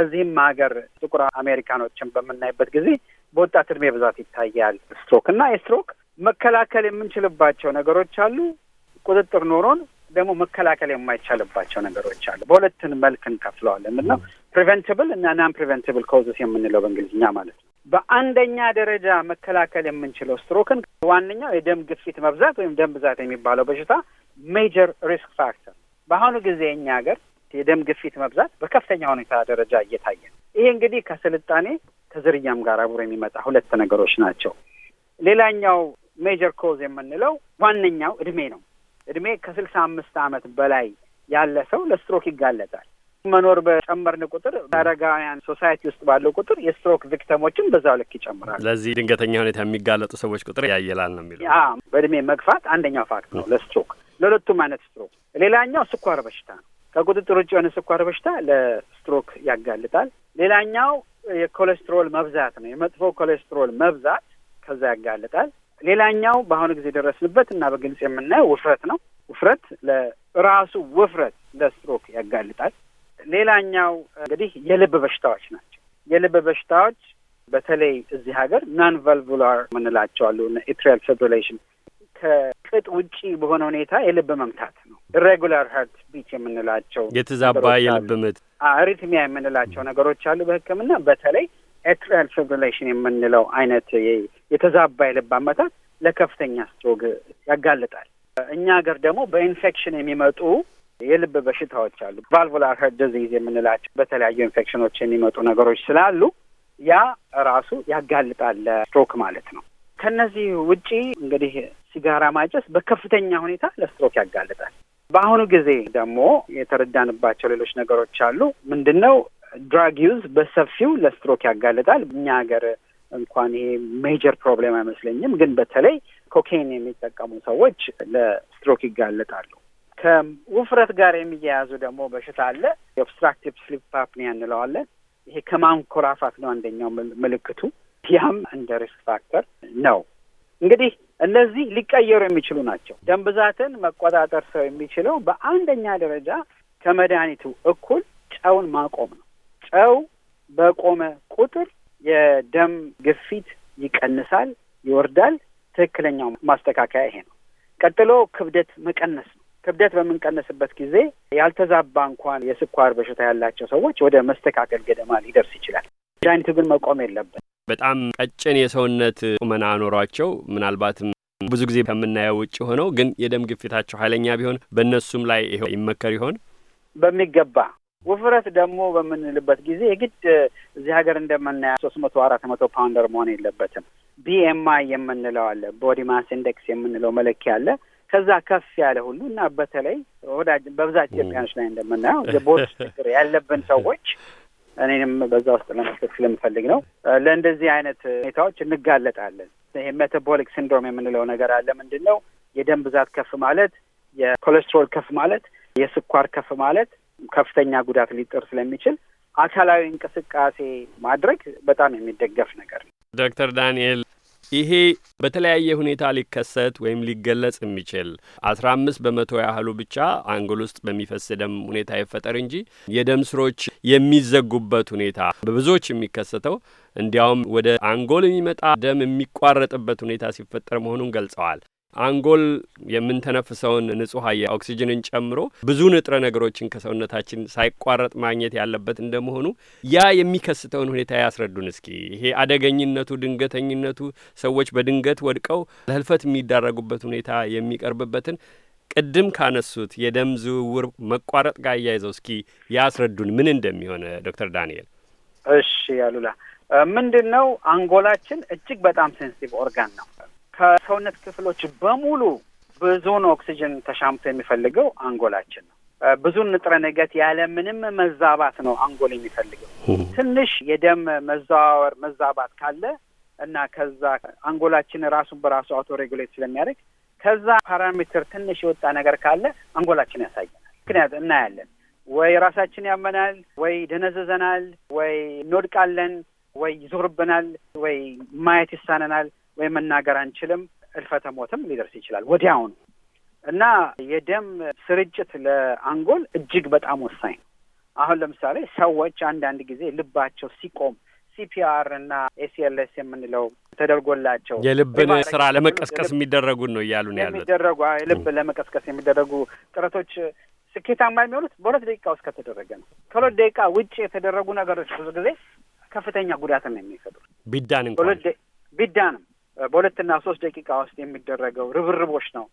እዚህም ሀገር ጥቁር አሜሪካኖችን በምናይበት ጊዜ በወጣት እድሜ ብዛት ይታያል ስትሮክ እና የስትሮክ መከላከል የምንችልባቸው ነገሮች አሉ። ቁጥጥር ኖሮን ደግሞ መከላከል የማይቻልባቸው ነገሮች አሉ። በሁለትን መልክ እንከፍለዋለን እና ፕሪቨንትብል እና ናን ፕሪቨንትብል ኮዝስ የምንለው በእንግሊዝኛ ማለት ነው። በአንደኛ ደረጃ መከላከል የምንችለው ስትሮክን ዋነኛው የደም ግፊት መብዛት ወይም ደም ብዛት የሚባለው በሽታ ሜጀር ሪስክ ፋክተር። በአሁኑ ጊዜ የኛ ሀገር የደም ግፊት መብዛት በከፍተኛ ሁኔታ ደረጃ እየታየ ነው። ይሄ እንግዲህ ከስልጣኔ ከዝርያም ጋር አብሮ የሚመጣ ሁለት ነገሮች ናቸው። ሌላኛው ሜጀር ኮዝ የምንለው ዋነኛው እድሜ ነው። እድሜ ከስልሳ አምስት ዓመት በላይ ያለ ሰው ለስትሮክ ይጋለጣል። መኖር በጨመርን ቁጥር አረጋውያን ሶሳይቲ ውስጥ ባለው ቁጥር የስትሮክ ቪክተሞችን በዛው ልክ ይጨምራል። ለዚህ ድንገተኛ ሁኔታ የሚጋለጡ ሰዎች ቁጥር ያየላል ነው የሚለው። በእድሜ መግፋት አንደኛው ፋክት ነው ለስትሮክ ለሁለቱም አይነት ስትሮክ። ሌላኛው ስኳር በሽታ ነው። ከቁጥጥር ውጭ የሆነ ስኳር በሽታ ለስትሮክ ያጋልጣል። ሌላኛው የኮሌስትሮል መብዛት ነው። የመጥፎ ኮሌስትሮል መብዛት ከዛ ያጋልጣል። ሌላኛው በአሁኑ ጊዜ የደረስንበት እና በግልጽ የምናየው ውፍረት ነው። ውፍረት ለራሱ ውፍረት ለስትሮክ ያጋልጣል። ሌላኛው እንግዲህ የልብ በሽታዎች ናቸው። የልብ በሽታዎች በተለይ እዚህ ሀገር ናን ቫልቩላር ምንላቸዋሉ ኢትሪያል ኤትሪያል ፊብሪሌሽን ከቅጥ ውጪ በሆነ ሁኔታ የልብ መምታት ነው። ኢሬጉላር ሀርት ቢት የምንላቸው የተዛባ የልብ ምት፣ አሪትሚያ የምንላቸው ነገሮች አሉ። በሕክምና በተለይ ኤትሪያል ፊብሪሌሽን የምንለው አይነት የተዛባ የልብ አመታት ለከፍተኛ ስትሮክ ያጋልጣል። እኛ ሀገር ደግሞ በኢንፌክሽን የሚመጡ የልብ በሽታዎች አሉ። ቫልቮላር ሄርት ዲዚዝ የምንላቸው በተለያዩ ኢንፌክሽኖች የሚመጡ ነገሮች ስላሉ ያ ራሱ ያጋልጣል ለስትሮክ ማለት ነው። ከነዚህ ውጪ እንግዲህ ሲጋራ ማጨስ በከፍተኛ ሁኔታ ለስትሮክ ያጋልጣል። በአሁኑ ጊዜ ደግሞ የተረዳንባቸው ሌሎች ነገሮች አሉ። ምንድን ነው ድራግ ዩዝ በሰፊው ለስትሮክ ያጋልጣል። እኛ ሀገር እንኳን ይሄ ሜጀር ፕሮብሌም አይመስለኝም። ግን በተለይ ኮኬን የሚጠቀሙ ሰዎች ለስትሮክ ይጋለጣሉ። ከውፍረት ጋር የሚያያዙ ደግሞ በሽታ አለ። የኦብስትራክቲቭ ስሊፕ አፕኒያ እንለዋለን። ይሄ ከማንኮራፋት ነው አንደኛው ምልክቱ። ያም እንደ ሪስክ ፋክተር ነው። እንግዲህ እነዚህ ሊቀየሩ የሚችሉ ናቸው። ደም ብዛትን መቆጣጠር ሰው የሚችለው በአንደኛ ደረጃ ከመድኃኒቱ እኩል ጨውን ማቆም ነው። ጨው በቆመ ቁጥር የደም ግፊት ይቀንሳል፣ ይወርዳል። ትክክለኛው ማስተካከያ ይሄ ነው። ቀጥሎ ክብደት መቀነስ ነው። ክብደት በምንቀነስበት ጊዜ ያልተዛባ እንኳን የስኳር በሽታ ያላቸው ሰዎች ወደ መስተካከል ገደማ ሊደርስ ይችላል። መድኃኒቱ ግን መቆም የለበት። በጣም ቀጭን የሰውነት ቁመና ኖሯቸው ምናልባትም ብዙ ጊዜ ከምናየው ውጭ ሆነው ግን የደም ግፊታቸው ኃይለኛ ቢሆን በእነሱም ላይ ይመከር ይሆን? በሚገባ ውፍረት ደግሞ በምንልበት ጊዜ የግድ እዚህ ሀገር እንደምናያ ሶስት መቶ አራት መቶ ፓውንደር መሆን የለበትም። ቢኤምአይ የምንለው አለ፣ ቦዲ ማስ ኢንዴክስ የምንለው መለኪያ አለ። ከዛ ከፍ ያለ ሁሉ እና በተለይ ወዳጅ በብዛት ኢትዮጵያኖች ላይ እንደምናየው የቦርድ ችግር ያለብን ሰዎች እኔንም በዛ ውስጥ ለመስከት ስለምፈልግ ነው። ለእንደዚህ አይነት ሁኔታዎች እንጋለጣለን። ይሄ ሜታቦሊክ ሲንድሮም የምንለው ነገር አለ። ምንድን ነው የደም ብዛት ከፍ ማለት፣ የኮሌስትሮል ከፍ ማለት፣ የስኳር ከፍ ማለት ከፍተኛ ጉዳት ሊጥር ስለሚችል አካላዊ እንቅስቃሴ ማድረግ በጣም የሚደገፍ ነገር ነው። ዶክተር ዳንኤል ይሄ በተለያየ ሁኔታ ሊከሰት ወይም ሊገለጽ የሚችል አስራ አምስት በመቶ ያህሉ ብቻ አንጎል ውስጥ በሚፈስ ደም ሁኔታ ይፈጠር እንጂ የደም ስሮች የሚዘጉበት ሁኔታ በብዙዎች የሚከሰተው እንዲያውም ወደ አንጎል የሚመጣ ደም የሚቋረጥበት ሁኔታ ሲፈጠር መሆኑን ገልጸዋል። አንጎል የምንተነፍሰውን ንጹህ አየር ኦክሲጅንን ጨምሮ ብዙ ንጥረ ነገሮችን ከሰውነታችን ሳይቋረጥ ማግኘት ያለበት እንደመሆኑ ያ የሚከስተውን ሁኔታ ያስረዱን እስኪ። ይሄ አደገኝነቱ፣ ድንገተኝነቱ ሰዎች በድንገት ወድቀው ለህልፈት የሚዳረጉበት ሁኔታ የሚቀርብበትን ቅድም ካነሱት የደም ዝውውር መቋረጥ ጋር እያይዘው እስኪ ያስረዱን ምን እንደሚሆን ዶክተር ዳንኤል። እሺ አሉላ፣ ምንድን ነው አንጎላችን እጅግ በጣም ሴንሲቭ ኦርጋን ነው ከሰውነት ክፍሎች በሙሉ ብዙውን ኦክሲጅን ተሻምቶ የሚፈልገው አንጎላችን ነው። ብዙን ንጥረ ነገር ያለ ምንም መዛባት ነው አንጎል የሚፈልገው። ትንሽ የደም መዘዋወር መዛባት ካለ እና ከዛ አንጎላችን ራሱን በራሱ አውቶ ሬጉሌት ስለሚያደርግ ከዛ ፓራሜትር ትንሽ የወጣ ነገር ካለ አንጎላችን ያሳየናል። ምክንያት እናያለን ወይ ራሳችን ያመናል፣ ወይ ደነዘዘናል፣ ወይ እንወድቃለን፣ ወይ ይዞርብናል፣ ወይ ማየት ይሳነናል። ወይም መናገር አንችልም። እልፈተ ሞትም ሊደርስ ይችላል ወዲያውኑ እና የደም ስርጭት ለአንጎል እጅግ በጣም ወሳኝ ነው። አሁን ለምሳሌ ሰዎች አንዳንድ ጊዜ ልባቸው ሲቆም ሲፒአር እና ኤሲኤልኤስ የምንለው ተደርጎላቸው የልብን ስራ ለመቀስቀስ የሚደረጉን ነው እያሉ ነው ያሉት። የሚደረጉ የልብ ለመቀስቀስ የሚደረጉ ጥረቶች ስኬታማ የሚሆኑት በሁለት ደቂቃ ውስጥ ከተደረገ ነው። ከሁለት ደቂቃ ውጭ የተደረጉ ነገሮች ብዙ ጊዜ ከፍተኛ ጉዳት ነው የሚፈጥሩት ቢዳን እንኳን ቢዳንም በሁለትና ሶስት ደቂቃ ውስጥ የሚደረገው ርብርቦች ነው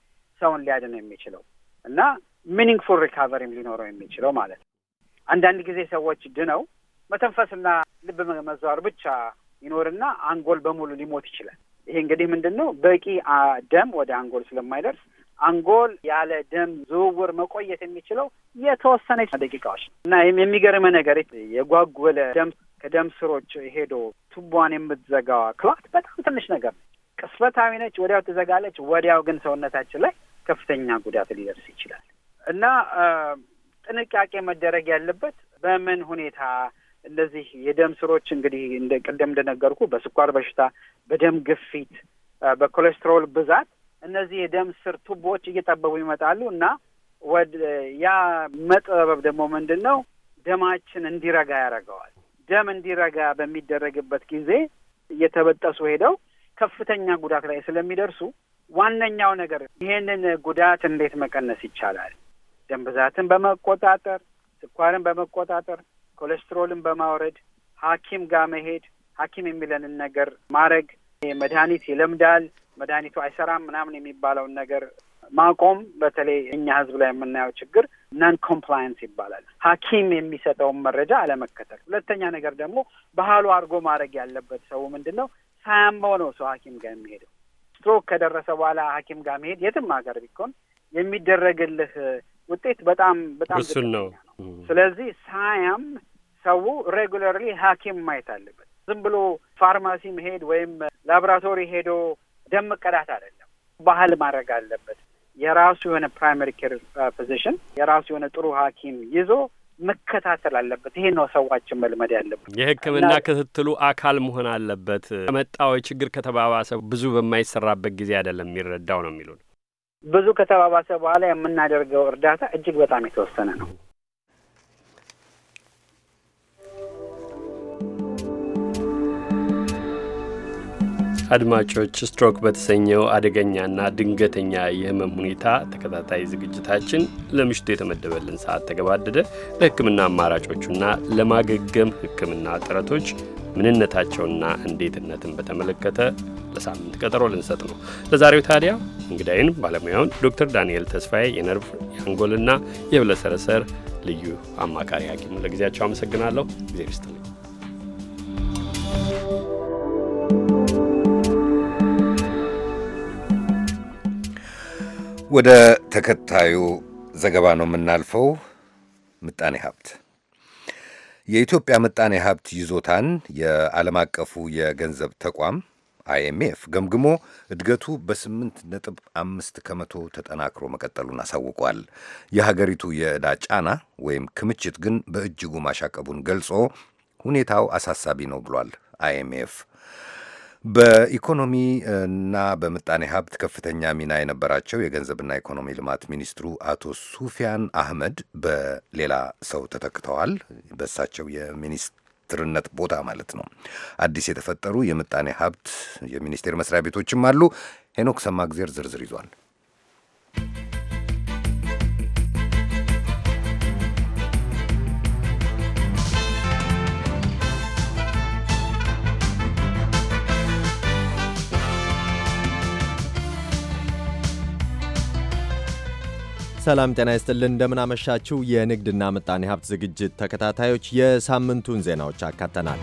ሰውን ሊያድን የሚችለው እና ሚኒንግፉል ሪካቨሪም ሊኖረው የሚችለው ማለት ነው። አንዳንድ ጊዜ ሰዎች ድነው መተንፈስና ልብ መዘዋወር ብቻ ይኖርና አንጎል በሙሉ ሊሞት ይችላል። ይሄ እንግዲህ ምንድን ነው በቂ ደም ወደ አንጎል ስለማይደርስ አንጎል ያለ ደም ዝውውር መቆየት የሚችለው የተወሰነ ደቂቃዎች ነው እና የሚገርመ ነገር የጓጎለ ደም ከደም ስሮች ሄዶ ቱቧን የምትዘጋዋ ክላት በጣም ትንሽ ነገር ነው። ቅስፈታዊ ነች፣ ወዲያው ትዘጋለች። ወዲያው ግን ሰውነታችን ላይ ከፍተኛ ጉዳት ሊደርስ ይችላል እና ጥንቃቄ መደረግ ያለበት በምን ሁኔታ እነዚህ የደም ስሮች እንግዲህ እንደ ቅደም እንደነገርኩ በስኳር በሽታ፣ በደም ግፊት፣ በኮሌስትሮል ብዛት እነዚህ የደም ስር ቱቦዎች እየጠበቡ ይመጣሉ እና ወደ ያ መጥበብ ደግሞ ምንድን ነው ደማችን እንዲረጋ ያደርገዋል። ደም እንዲረጋ በሚደረግበት ጊዜ እየተበጠሱ ሄደው ከፍተኛ ጉዳት ላይ ስለሚደርሱ ዋነኛው ነገር ይሄንን ጉዳት እንዴት መቀነስ ይቻላል? ደም ብዛትን በመቆጣጠር፣ ስኳርን በመቆጣጠር፣ ኮሌስትሮልን በማውረድ፣ ሐኪም ጋር መሄድ፣ ሐኪም የሚለንን ነገር ማድረግ፣ መድኃኒት ይለምዳል፣ መድኃኒቱ አይሰራም ምናምን የሚባለውን ነገር ማቆም በተለይ እኛ ህዝብ ላይ የምናየው ችግር ናን ኮምፕላያንስ ይባላል። ሐኪም የሚሰጠውን መረጃ አለመከተል። ሁለተኛ ነገር ደግሞ ባህሉ አድርጎ ማድረግ ያለበት ሰው ምንድን ነው ሳያመው ነው ሰው ሐኪም ጋር የሚሄደው። ስትሮክ ከደረሰ በኋላ ሐኪም ጋር መሄድ የትም ሀገር ቢኮን የሚደረግልህ ውጤት በጣም በጣም ነው ነው። ስለዚህ ሳያም ሰው ሬጉለርሊ ሐኪም ማየት አለበት። ዝም ብሎ ፋርማሲ መሄድ ወይም ላቦራቶሪ ሄዶ ደም መቀዳት አይደለም፣ ባህል ማድረግ አለበት። የራሱ የሆነ ፕራይመሪ ኬር ፊዚሽን የራሱ የሆነ ጥሩ ሐኪም ይዞ መከታተል አለበት። ይሄ ነው ሰዋችን መልመድ ያለበት። የሕክምና ክትትሉ አካል መሆን አለበት። ከመጣው ችግር ከተባባሰ ብዙ በማይሰራበት ጊዜ አይደለም የሚረዳው ነው የሚሉን። ብዙ ከተባባሰ በኋላ የምናደርገው እርዳታ እጅግ በጣም የተወሰነ ነው። አድማጮች ስትሮክ በተሰኘው አደገኛና ድንገተኛ የህመም ሁኔታ ተከታታይ ዝግጅታችን ለምሽቱ የተመደበልን ሰዓት ተገባደደ። ለህክምና አማራጮቹና ለማገገም ህክምና ጥረቶች ምንነታቸውና እንዴትነትን በተመለከተ ለሳምንት ቀጠሮ ልንሰጥ ነው። ለዛሬው ታዲያ እንግዳይን ባለሙያውን ዶክተር ዳንኤል ተስፋዬ የነርቭ የአንጎልና የህብለ ልዩ አማካሪ ሐኪሙን ለጊዜያቸው አመሰግናለሁ። ጊዜ ወደ ተከታዩ ዘገባ ነው የምናልፈው። ምጣኔ ሀብት የኢትዮጵያ ምጣኔ ሀብት ይዞታን የዓለም አቀፉ የገንዘብ ተቋም አይኤምኤፍ ገምግሞ እድገቱ በስምንት ነጥብ አምስት ከመቶ ተጠናክሮ መቀጠሉን አሳውቋል። የሀገሪቱ የዕዳ ጫና ወይም ክምችት ግን በእጅጉ ማሻቀቡን ገልጾ ሁኔታው አሳሳቢ ነው ብሏል አይኤምኤፍ። በኢኮኖሚ እና በምጣኔ ሀብት ከፍተኛ ሚና የነበራቸው የገንዘብና ኢኮኖሚ ልማት ሚኒስትሩ አቶ ሱፊያን አህመድ በሌላ ሰው ተተክተዋል። በእሳቸው የሚኒስትርነት ቦታ ማለት ነው። አዲስ የተፈጠሩ የምጣኔ ሀብት የሚኒስቴር መስሪያ ቤቶችም አሉ። ሄኖክ ሰማግዜር ዝርዝር ይዟል። ሰላም ጤና ይስጥልን። እንደምናመሻችው የንግድና ምጣኔ ሀብት ዝግጅት ተከታታዮች የሳምንቱን ዜናዎች አካተናል።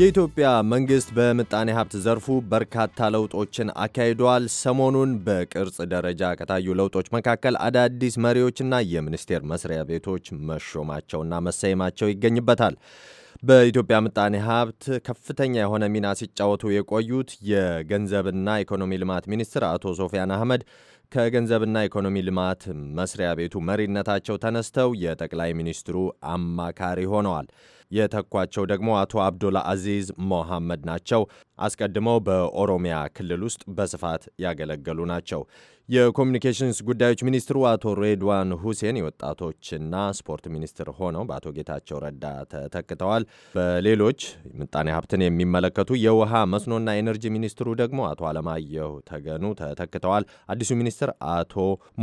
የኢትዮጵያ መንግሥት በምጣኔ ሀብት ዘርፉ በርካታ ለውጦችን አካሂደዋል። ሰሞኑን በቅርጽ ደረጃ ከታዩ ለውጦች መካከል አዳዲስ መሪዎችና የሚኒስቴር መስሪያ ቤቶች መሾማቸውና መሰየማቸው ይገኝበታል። በኢትዮጵያ ምጣኔ ሀብት ከፍተኛ የሆነ ሚና ሲጫወቱ የቆዩት የገንዘብና ኢኮኖሚ ልማት ሚኒስትር አቶ ሶፊያን አህመድ ከገንዘብና ኢኮኖሚ ልማት መስሪያ ቤቱ መሪነታቸው ተነስተው የጠቅላይ ሚኒስትሩ አማካሪ ሆነዋል። የተኳቸው ደግሞ አቶ አብዶላ አዚዝ ሞሐመድ ናቸው። አስቀድመው በኦሮሚያ ክልል ውስጥ በስፋት ያገለገሉ ናቸው። የኮሚኒኬሽንስ ጉዳዮች ሚኒስትሩ አቶ ሬድዋን ሁሴን የወጣቶችና ስፖርት ሚኒስትር ሆነው በአቶ ጌታቸው ረዳ ተተክተዋል። በሌሎች ምጣኔ ሀብትን የሚመለከቱ የውሃ መስኖና ኤነርጂ ሚኒስትሩ ደግሞ አቶ አለማየሁ ተገኑ ተተክተዋል። አዲሱ ሚኒስትር አቶ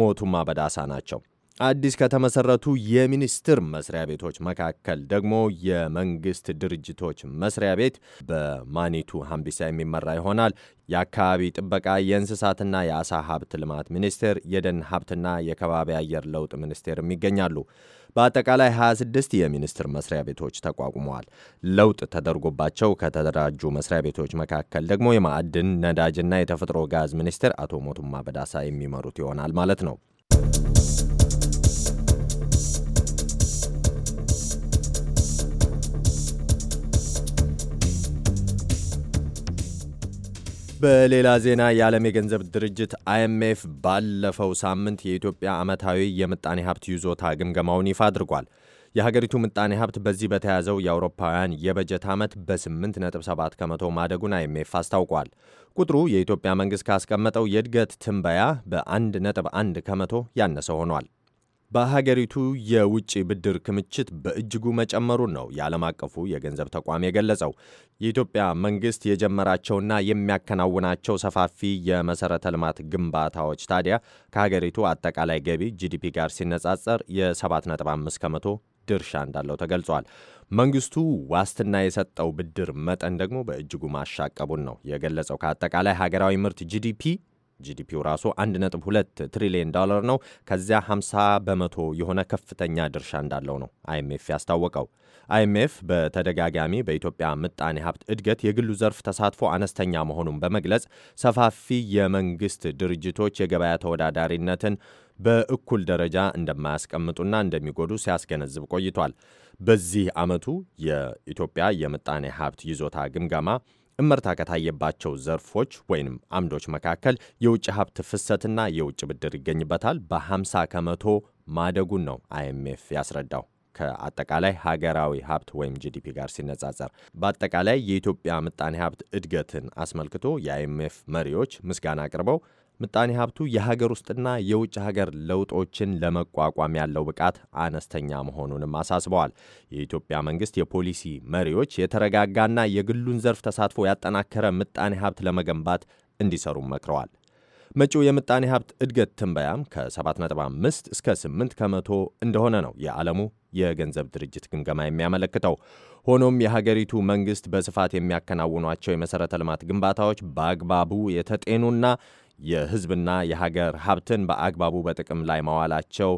ሞቱማ በዳሳ ናቸው። አዲስ ከተመሰረቱ የሚኒስትር መስሪያ ቤቶች መካከል ደግሞ የመንግስት ድርጅቶች መስሪያ ቤት በማኒቱ ሀምቢሳ የሚመራ ይሆናል። የአካባቢ ጥበቃ፣ የእንስሳትና የአሳ ሀብት ልማት ሚኒስቴር፣ የደን ሀብትና የከባቢ አየር ለውጥ ሚኒስቴርም ይገኛሉ። በአጠቃላይ 26 የሚኒስቴር መስሪያ ቤቶች ተቋቁመዋል። ለውጥ ተደርጎባቸው ከተደራጁ መስሪያ ቤቶች መካከል ደግሞ የማዕድን ነዳጅና የተፈጥሮ ጋዝ ሚኒስቴር አቶ ሞቱማ በዳሳ የሚመሩት ይሆናል ማለት ነው። በሌላ ዜና የዓለም የገንዘብ ድርጅት አይኤምኤፍ ባለፈው ሳምንት የኢትዮጵያ ዓመታዊ የምጣኔ ሀብት ይዞታ ግምገማውን ይፋ አድርጓል። የሀገሪቱ ምጣኔ ሀብት በዚህ በተያዘው የአውሮፓውያን የበጀት ዓመት በ8.7 ከመቶ ማደጉን አይኤምኤፍ አስታውቋል። ቁጥሩ የኢትዮጵያ መንግሥት ካስቀመጠው የእድገት ትንበያ በ1.1 ከመቶ ያነሰ ሆኗል። በሀገሪቱ የውጭ ብድር ክምችት በእጅጉ መጨመሩን ነው የዓለም አቀፉ የገንዘብ ተቋም የገለጸው። የኢትዮጵያ መንግሥት የጀመራቸውና የሚያከናውናቸው ሰፋፊ የመሠረተ ልማት ግንባታዎች ታዲያ ከሀገሪቱ አጠቃላይ ገቢ ጂዲፒ ጋር ሲነጻጸር የ7.5 ከመቶ ድርሻ እንዳለው ተገልጿል። መንግስቱ ዋስትና የሰጠው ብድር መጠን ደግሞ በእጅጉ ማሻቀቡን ነው የገለጸው። ከአጠቃላይ ሀገራዊ ምርት ጂዲፒ ጂዲፒው ራሱ 1.2 ትሪሊየን ዶላር ነው። ከዚያ 50 በመቶ የሆነ ከፍተኛ ድርሻ እንዳለው ነው አይኤምኤፍ ያስታወቀው። አይኤምኤፍ በተደጋጋሚ በኢትዮጵያ ምጣኔ ሀብት እድገት የግሉ ዘርፍ ተሳትፎ አነስተኛ መሆኑን በመግለጽ ሰፋፊ የመንግስት ድርጅቶች የገበያ ተወዳዳሪነትን በእኩል ደረጃ እንደማያስቀምጡና እንደሚጎዱ ሲያስገነዝብ ቆይቷል። በዚህ ዓመቱ የኢትዮጵያ የምጣኔ ሀብት ይዞታ ግምገማ እመርታ ከታየባቸው ዘርፎች ወይም አምዶች መካከል የውጭ ሀብት ፍሰትና የውጭ ብድር ይገኝበታል። በ50 ከመቶ ማደጉን ነው አይኤምኤፍ ያስረዳው ከአጠቃላይ ሀገራዊ ሀብት ወይም ጂዲፒ ጋር ሲነጻጸር። በአጠቃላይ የኢትዮጵያ ምጣኔ ሀብት እድገትን አስመልክቶ የአይኤምኤፍ መሪዎች ምስጋና አቅርበው ምጣኔ ሀብቱ የሀገር ውስጥና የውጭ ሀገር ለውጦችን ለመቋቋም ያለው ብቃት አነስተኛ መሆኑንም አሳስበዋል። የኢትዮጵያ መንግስት የፖሊሲ መሪዎች የተረጋጋና የግሉን ዘርፍ ተሳትፎ ያጠናከረ ምጣኔ ሀብት ለመገንባት እንዲሰሩም መክረዋል። መጪው የምጣኔ ሀብት እድገት ትንበያም ከ7.5 እስከ 8 ከመቶ እንደሆነ ነው የዓለሙ የገንዘብ ድርጅት ግምገማ የሚያመለክተው። ሆኖም የሀገሪቱ መንግስት በስፋት የሚያከናውኗቸው የመሠረተ ልማት ግንባታዎች በአግባቡ የተጤኑና የሕዝብና የሀገር ሀብትን በአግባቡ በጥቅም ላይ ማዋላቸው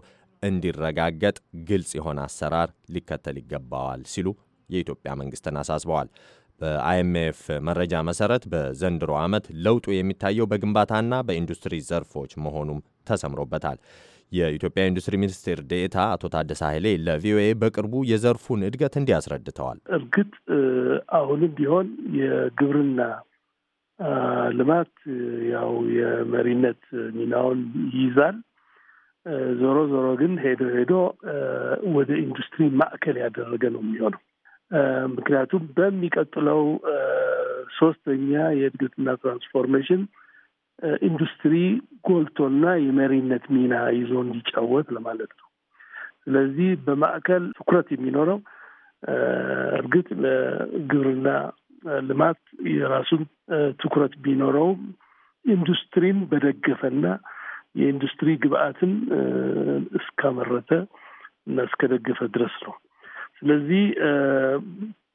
እንዲረጋገጥ ግልጽ የሆነ አሰራር ሊከተል ይገባዋል ሲሉ የኢትዮጵያ መንግስትን አሳስበዋል። በአይኤምኤፍ መረጃ መሰረት በዘንድሮ ዓመት ለውጡ የሚታየው በግንባታና በኢንዱስትሪ ዘርፎች መሆኑም ተሰምሮበታል። የኢትዮጵያ ኢንዱስትሪ ሚኒስቴር ዴኤታ አቶ ታደሰ ኃይሌ ለቪኦኤ በቅርቡ የዘርፉን እድገት እንዲህ አስረድተዋል። እርግጥ አሁንም ቢሆን የግብርና ልማት ያው የመሪነት ሚናውን ይይዛል። ዞሮ ዞሮ ግን ሄዶ ሄዶ ወደ ኢንዱስትሪ ማዕከል ያደረገ ነው የሚሆነው። ምክንያቱም በሚቀጥለው ሶስተኛ የእድገትና ትራንስፎርሜሽን ኢንዱስትሪ ጎልቶና የመሪነት ሚና ይዞ እንዲጫወት ለማለት ነው። ስለዚህ በማዕከል ትኩረት የሚኖረው እርግጥ ለግብርና ልማት የራሱን ትኩረት ቢኖረውም ኢንዱስትሪን በደገፈና የኢንዱስትሪ ግብአትን እስካመረተ እና እስከደገፈ ድረስ ነው። ስለዚህ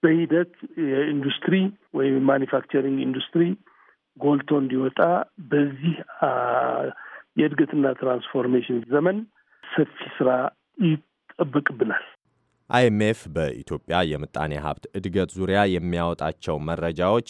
በሂደት የኢንዱስትሪ ወይም የማኒፋክቸሪንግ ኢንዱስትሪ ጎልቶ እንዲወጣ በዚህ የእድገትና ትራንስፎርሜሽን ዘመን ሰፊ ስራ ይጠበቅብናል። አይኤምኤፍ በኢትዮጵያ የምጣኔ ሀብት እድገት ዙሪያ የሚያወጣቸው መረጃዎች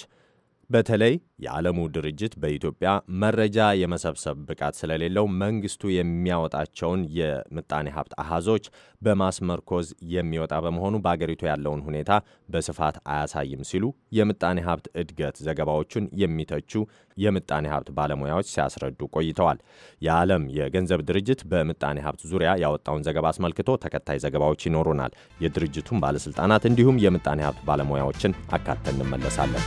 በተለይ የዓለሙ ድርጅት በኢትዮጵያ መረጃ የመሰብሰብ ብቃት ስለሌለው መንግስቱ የሚያወጣቸውን የምጣኔ ሀብት አሃዞች በማስመርኮዝ የሚወጣ በመሆኑ በአገሪቱ ያለውን ሁኔታ በስፋት አያሳይም ሲሉ የምጣኔ ሀብት እድገት ዘገባዎቹን የሚተቹ የምጣኔ ሀብት ባለሙያዎች ሲያስረዱ ቆይተዋል። የዓለም የገንዘብ ድርጅት በምጣኔ ሀብት ዙሪያ ያወጣውን ዘገባ አስመልክቶ ተከታይ ዘገባዎች ይኖሩናል። የድርጅቱን ባለስልጣናት እንዲሁም የምጣኔ ሀብት ባለሙያዎችን አካተን እንመለሳለን።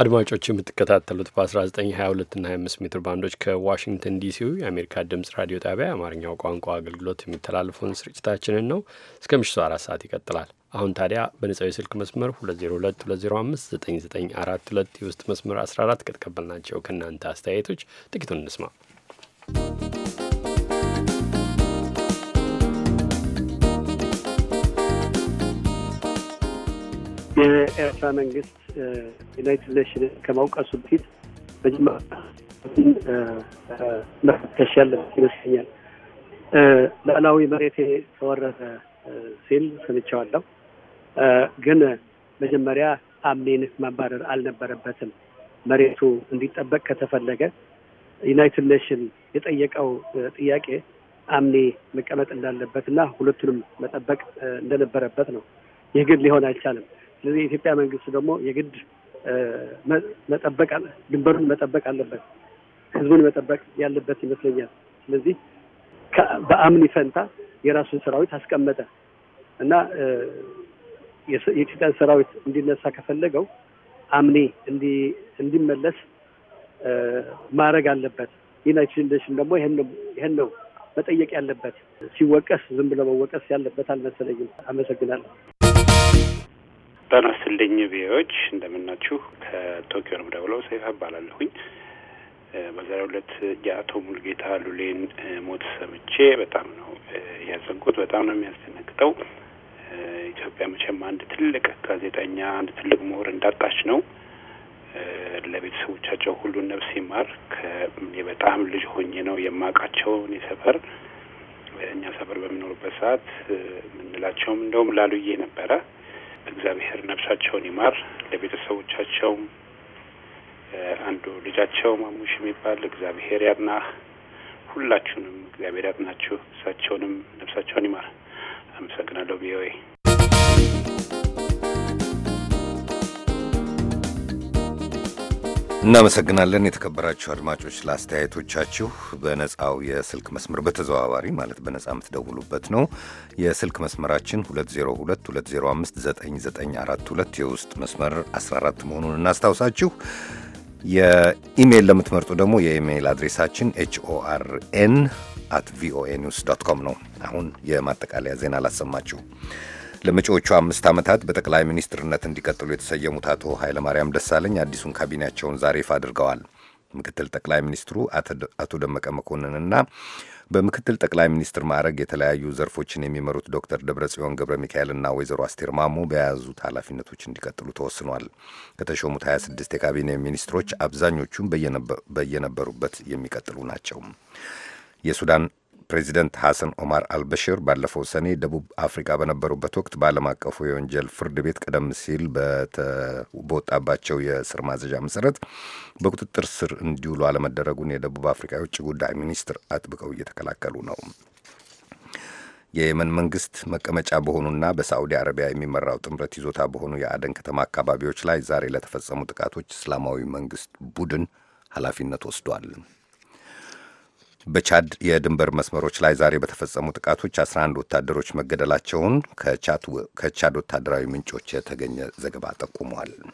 አድማጮች የምትከታተሉት በ1922 እና 25 ሜትር ባንዶች ከዋሽንግተን ዲሲው የአሜሪካ ድምጽ ራዲዮ ጣቢያ የአማርኛው ቋንቋ አገልግሎት የሚተላለፈውን ስርጭታችንን ነው። እስከ ምሽቱ አራት ሰዓት ይቀጥላል። አሁን ታዲያ በነጻው የስልክ መስመር 2022059942 የውስጥ መስመር 14 ከተቀበልናቸው ከእናንተ አስተያየቶች ጥቂቱን እንስማ። የኤርትራ መንግስት ዩናይትድ ኔሽን ከማውቀሱ በፊት መፈተሽ ያለበት ይመስለኛል። ሉዓላዊ መሬቴ ተወረረ ሲል ሰምቼዋለሁ። ግን መጀመሪያ አምኒን ማባረር አልነበረበትም። መሬቱ እንዲጠበቅ ከተፈለገ ዩናይትድ ኔሽን የጠየቀው ጥያቄ አምኒ መቀመጥ እንዳለበት እና ሁለቱንም መጠበቅ እንደነበረበት ነው። ይህ ግን ሊሆን አልቻለም። ስለዚህ የኢትዮጵያ መንግስት ደግሞ የግድ መጠበቅ ድንበሩን መጠበቅ አለበት፣ ህዝቡን መጠበቅ ያለበት ይመስለኛል። ስለዚህ በአምኒ ፈንታ የራሱን ሰራዊት አስቀመጠ እና የኢትዮጵያን ሰራዊት እንዲነሳ ከፈለገው አምኔ እንዲመለስ ማድረግ አለበት። ዩናይትድ ኔሽን ደግሞ ይህን ነው መጠየቅ ያለበት። ሲወቀስ ዝም ብሎ መወቀስ ያለበት አልመሰለኝም። አመሰግናለሁ። ጤና ይስጥልኝ ቪኦኤዎች እንደምናችሁ። ከቶኪዮ ነው የምደውለው። ሰይፍ እባላለሁኝ። በዛሬው ዕለት የአቶ ሙልጌታ ሉሌን ሞት ሰምቼ በጣም ነው ያዘንኩት። በጣም ነው የሚያስደነግጠው። ኢትዮጵያ መቼም አንድ ትልቅ ጋዜጠኛ፣ አንድ ትልቅ ምሁር እንዳጣች ነው። ለቤተሰቦቻቸው ሁሉን ነፍስ ይማር። በጣም ልጅ ሆኜ ነው የማውቃቸውን የሰፈር እኛ ሰፈር በሚኖሩበት ሰዓት የምንላቸውም እንደውም ላሉዬ ነበረ እግዚአብሔር ነፍሳቸውን ይማር። ለቤተሰቦቻቸውም አንዱ ልጃቸው ማሙሽ የሚባል እግዚአብሔር ያድና። ሁላችሁንም እግዚአብሔር ያድናችሁ። እሳቸውንም ነፍሳቸውን ይማር። አመሰግናለሁ። ቪኦኤ እናመሰግናለን የተከበራችሁ አድማጮች ለአስተያየቶቻችሁ። በነፃው የስልክ መስመር በተዘዋዋሪ ማለት በነፃ የምትደውሉበት ነው። የስልክ መስመራችን 2022059942 የውስጥ መስመር 14 መሆኑን እናስታውሳችሁ። የኢሜይል ለምትመርጡ ደግሞ የኢሜይል አድሬሳችን ኤችኦአርኤን አት ቪኦኤ ኒውስ ዶት ኮም ነው። አሁን የማጠቃለያ ዜና አላሰማችሁ። ለመጪዎቹ አምስት ዓመታት በጠቅላይ ሚኒስትርነት እንዲቀጥሉ የተሰየሙት አቶ ኃይለማርያም ደሳለኝ አዲሱን ካቢኔያቸውን ዛሬ ይፋ አድርገዋል። ምክትል ጠቅላይ ሚኒስትሩ አቶ ደመቀ መኮንንና በምክትል ጠቅላይ ሚኒስትር ማዕረግ የተለያዩ ዘርፎችን የሚመሩት ዶክተር ደብረጽዮን ገብረ ሚካኤልና ወይዘሮ አስቴር ማሞ በያዙት ኃላፊነቶች እንዲቀጥሉ ተወስኗል። ከተሾሙት 26 የካቢኔ ሚኒስትሮች አብዛኞቹም በየነበሩበት የሚቀጥሉ ናቸው። የሱዳን ፕሬዚደንት ሐሰን ኦማር አልበሽር ባለፈው ሰኔ ደቡብ አፍሪካ በነበሩበት ወቅት በዓለም አቀፉ የወንጀል ፍርድ ቤት ቀደም ሲል በወጣባቸው የእስር ማዘዣ መሰረት በቁጥጥር ስር እንዲውሉ አለመደረጉን የደቡብ አፍሪካ የውጭ ጉዳይ ሚኒስትር አጥብቀው እየተከላከሉ ነው። የየመን መንግስት መቀመጫ በሆኑና በሳዑዲ አረቢያ የሚመራው ጥምረት ይዞታ በሆኑ የአደን ከተማ አካባቢዎች ላይ ዛሬ ለተፈጸሙ ጥቃቶች እስላማዊ መንግስት ቡድን ኃላፊነት ወስዷል። በቻድ የድንበር መስመሮች ላይ ዛሬ በተፈጸሙ ጥቃቶች 11 ወታደሮች መገደላቸውን ከቻድ ወታደራዊ ምንጮች የተገኘ ዘገባ ጠቁሟል። ¶¶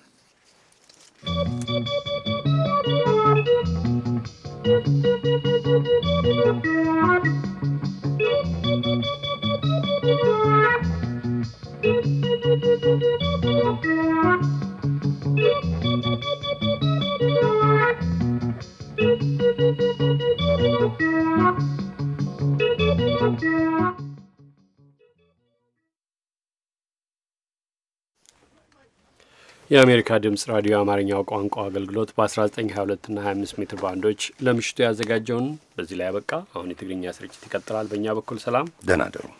የአሜሪካ ድምፅ ራዲዮ አማርኛው ቋንቋ አገልግሎት በ1922 እና 25 ሜትር ባንዶች ለምሽቱ ያዘጋጀውን በዚህ ላይ ያበቃ። አሁን የትግርኛ ስርጭት ይቀጥላል። በእኛ በኩል ሰላም፣ ደህና ደሩ።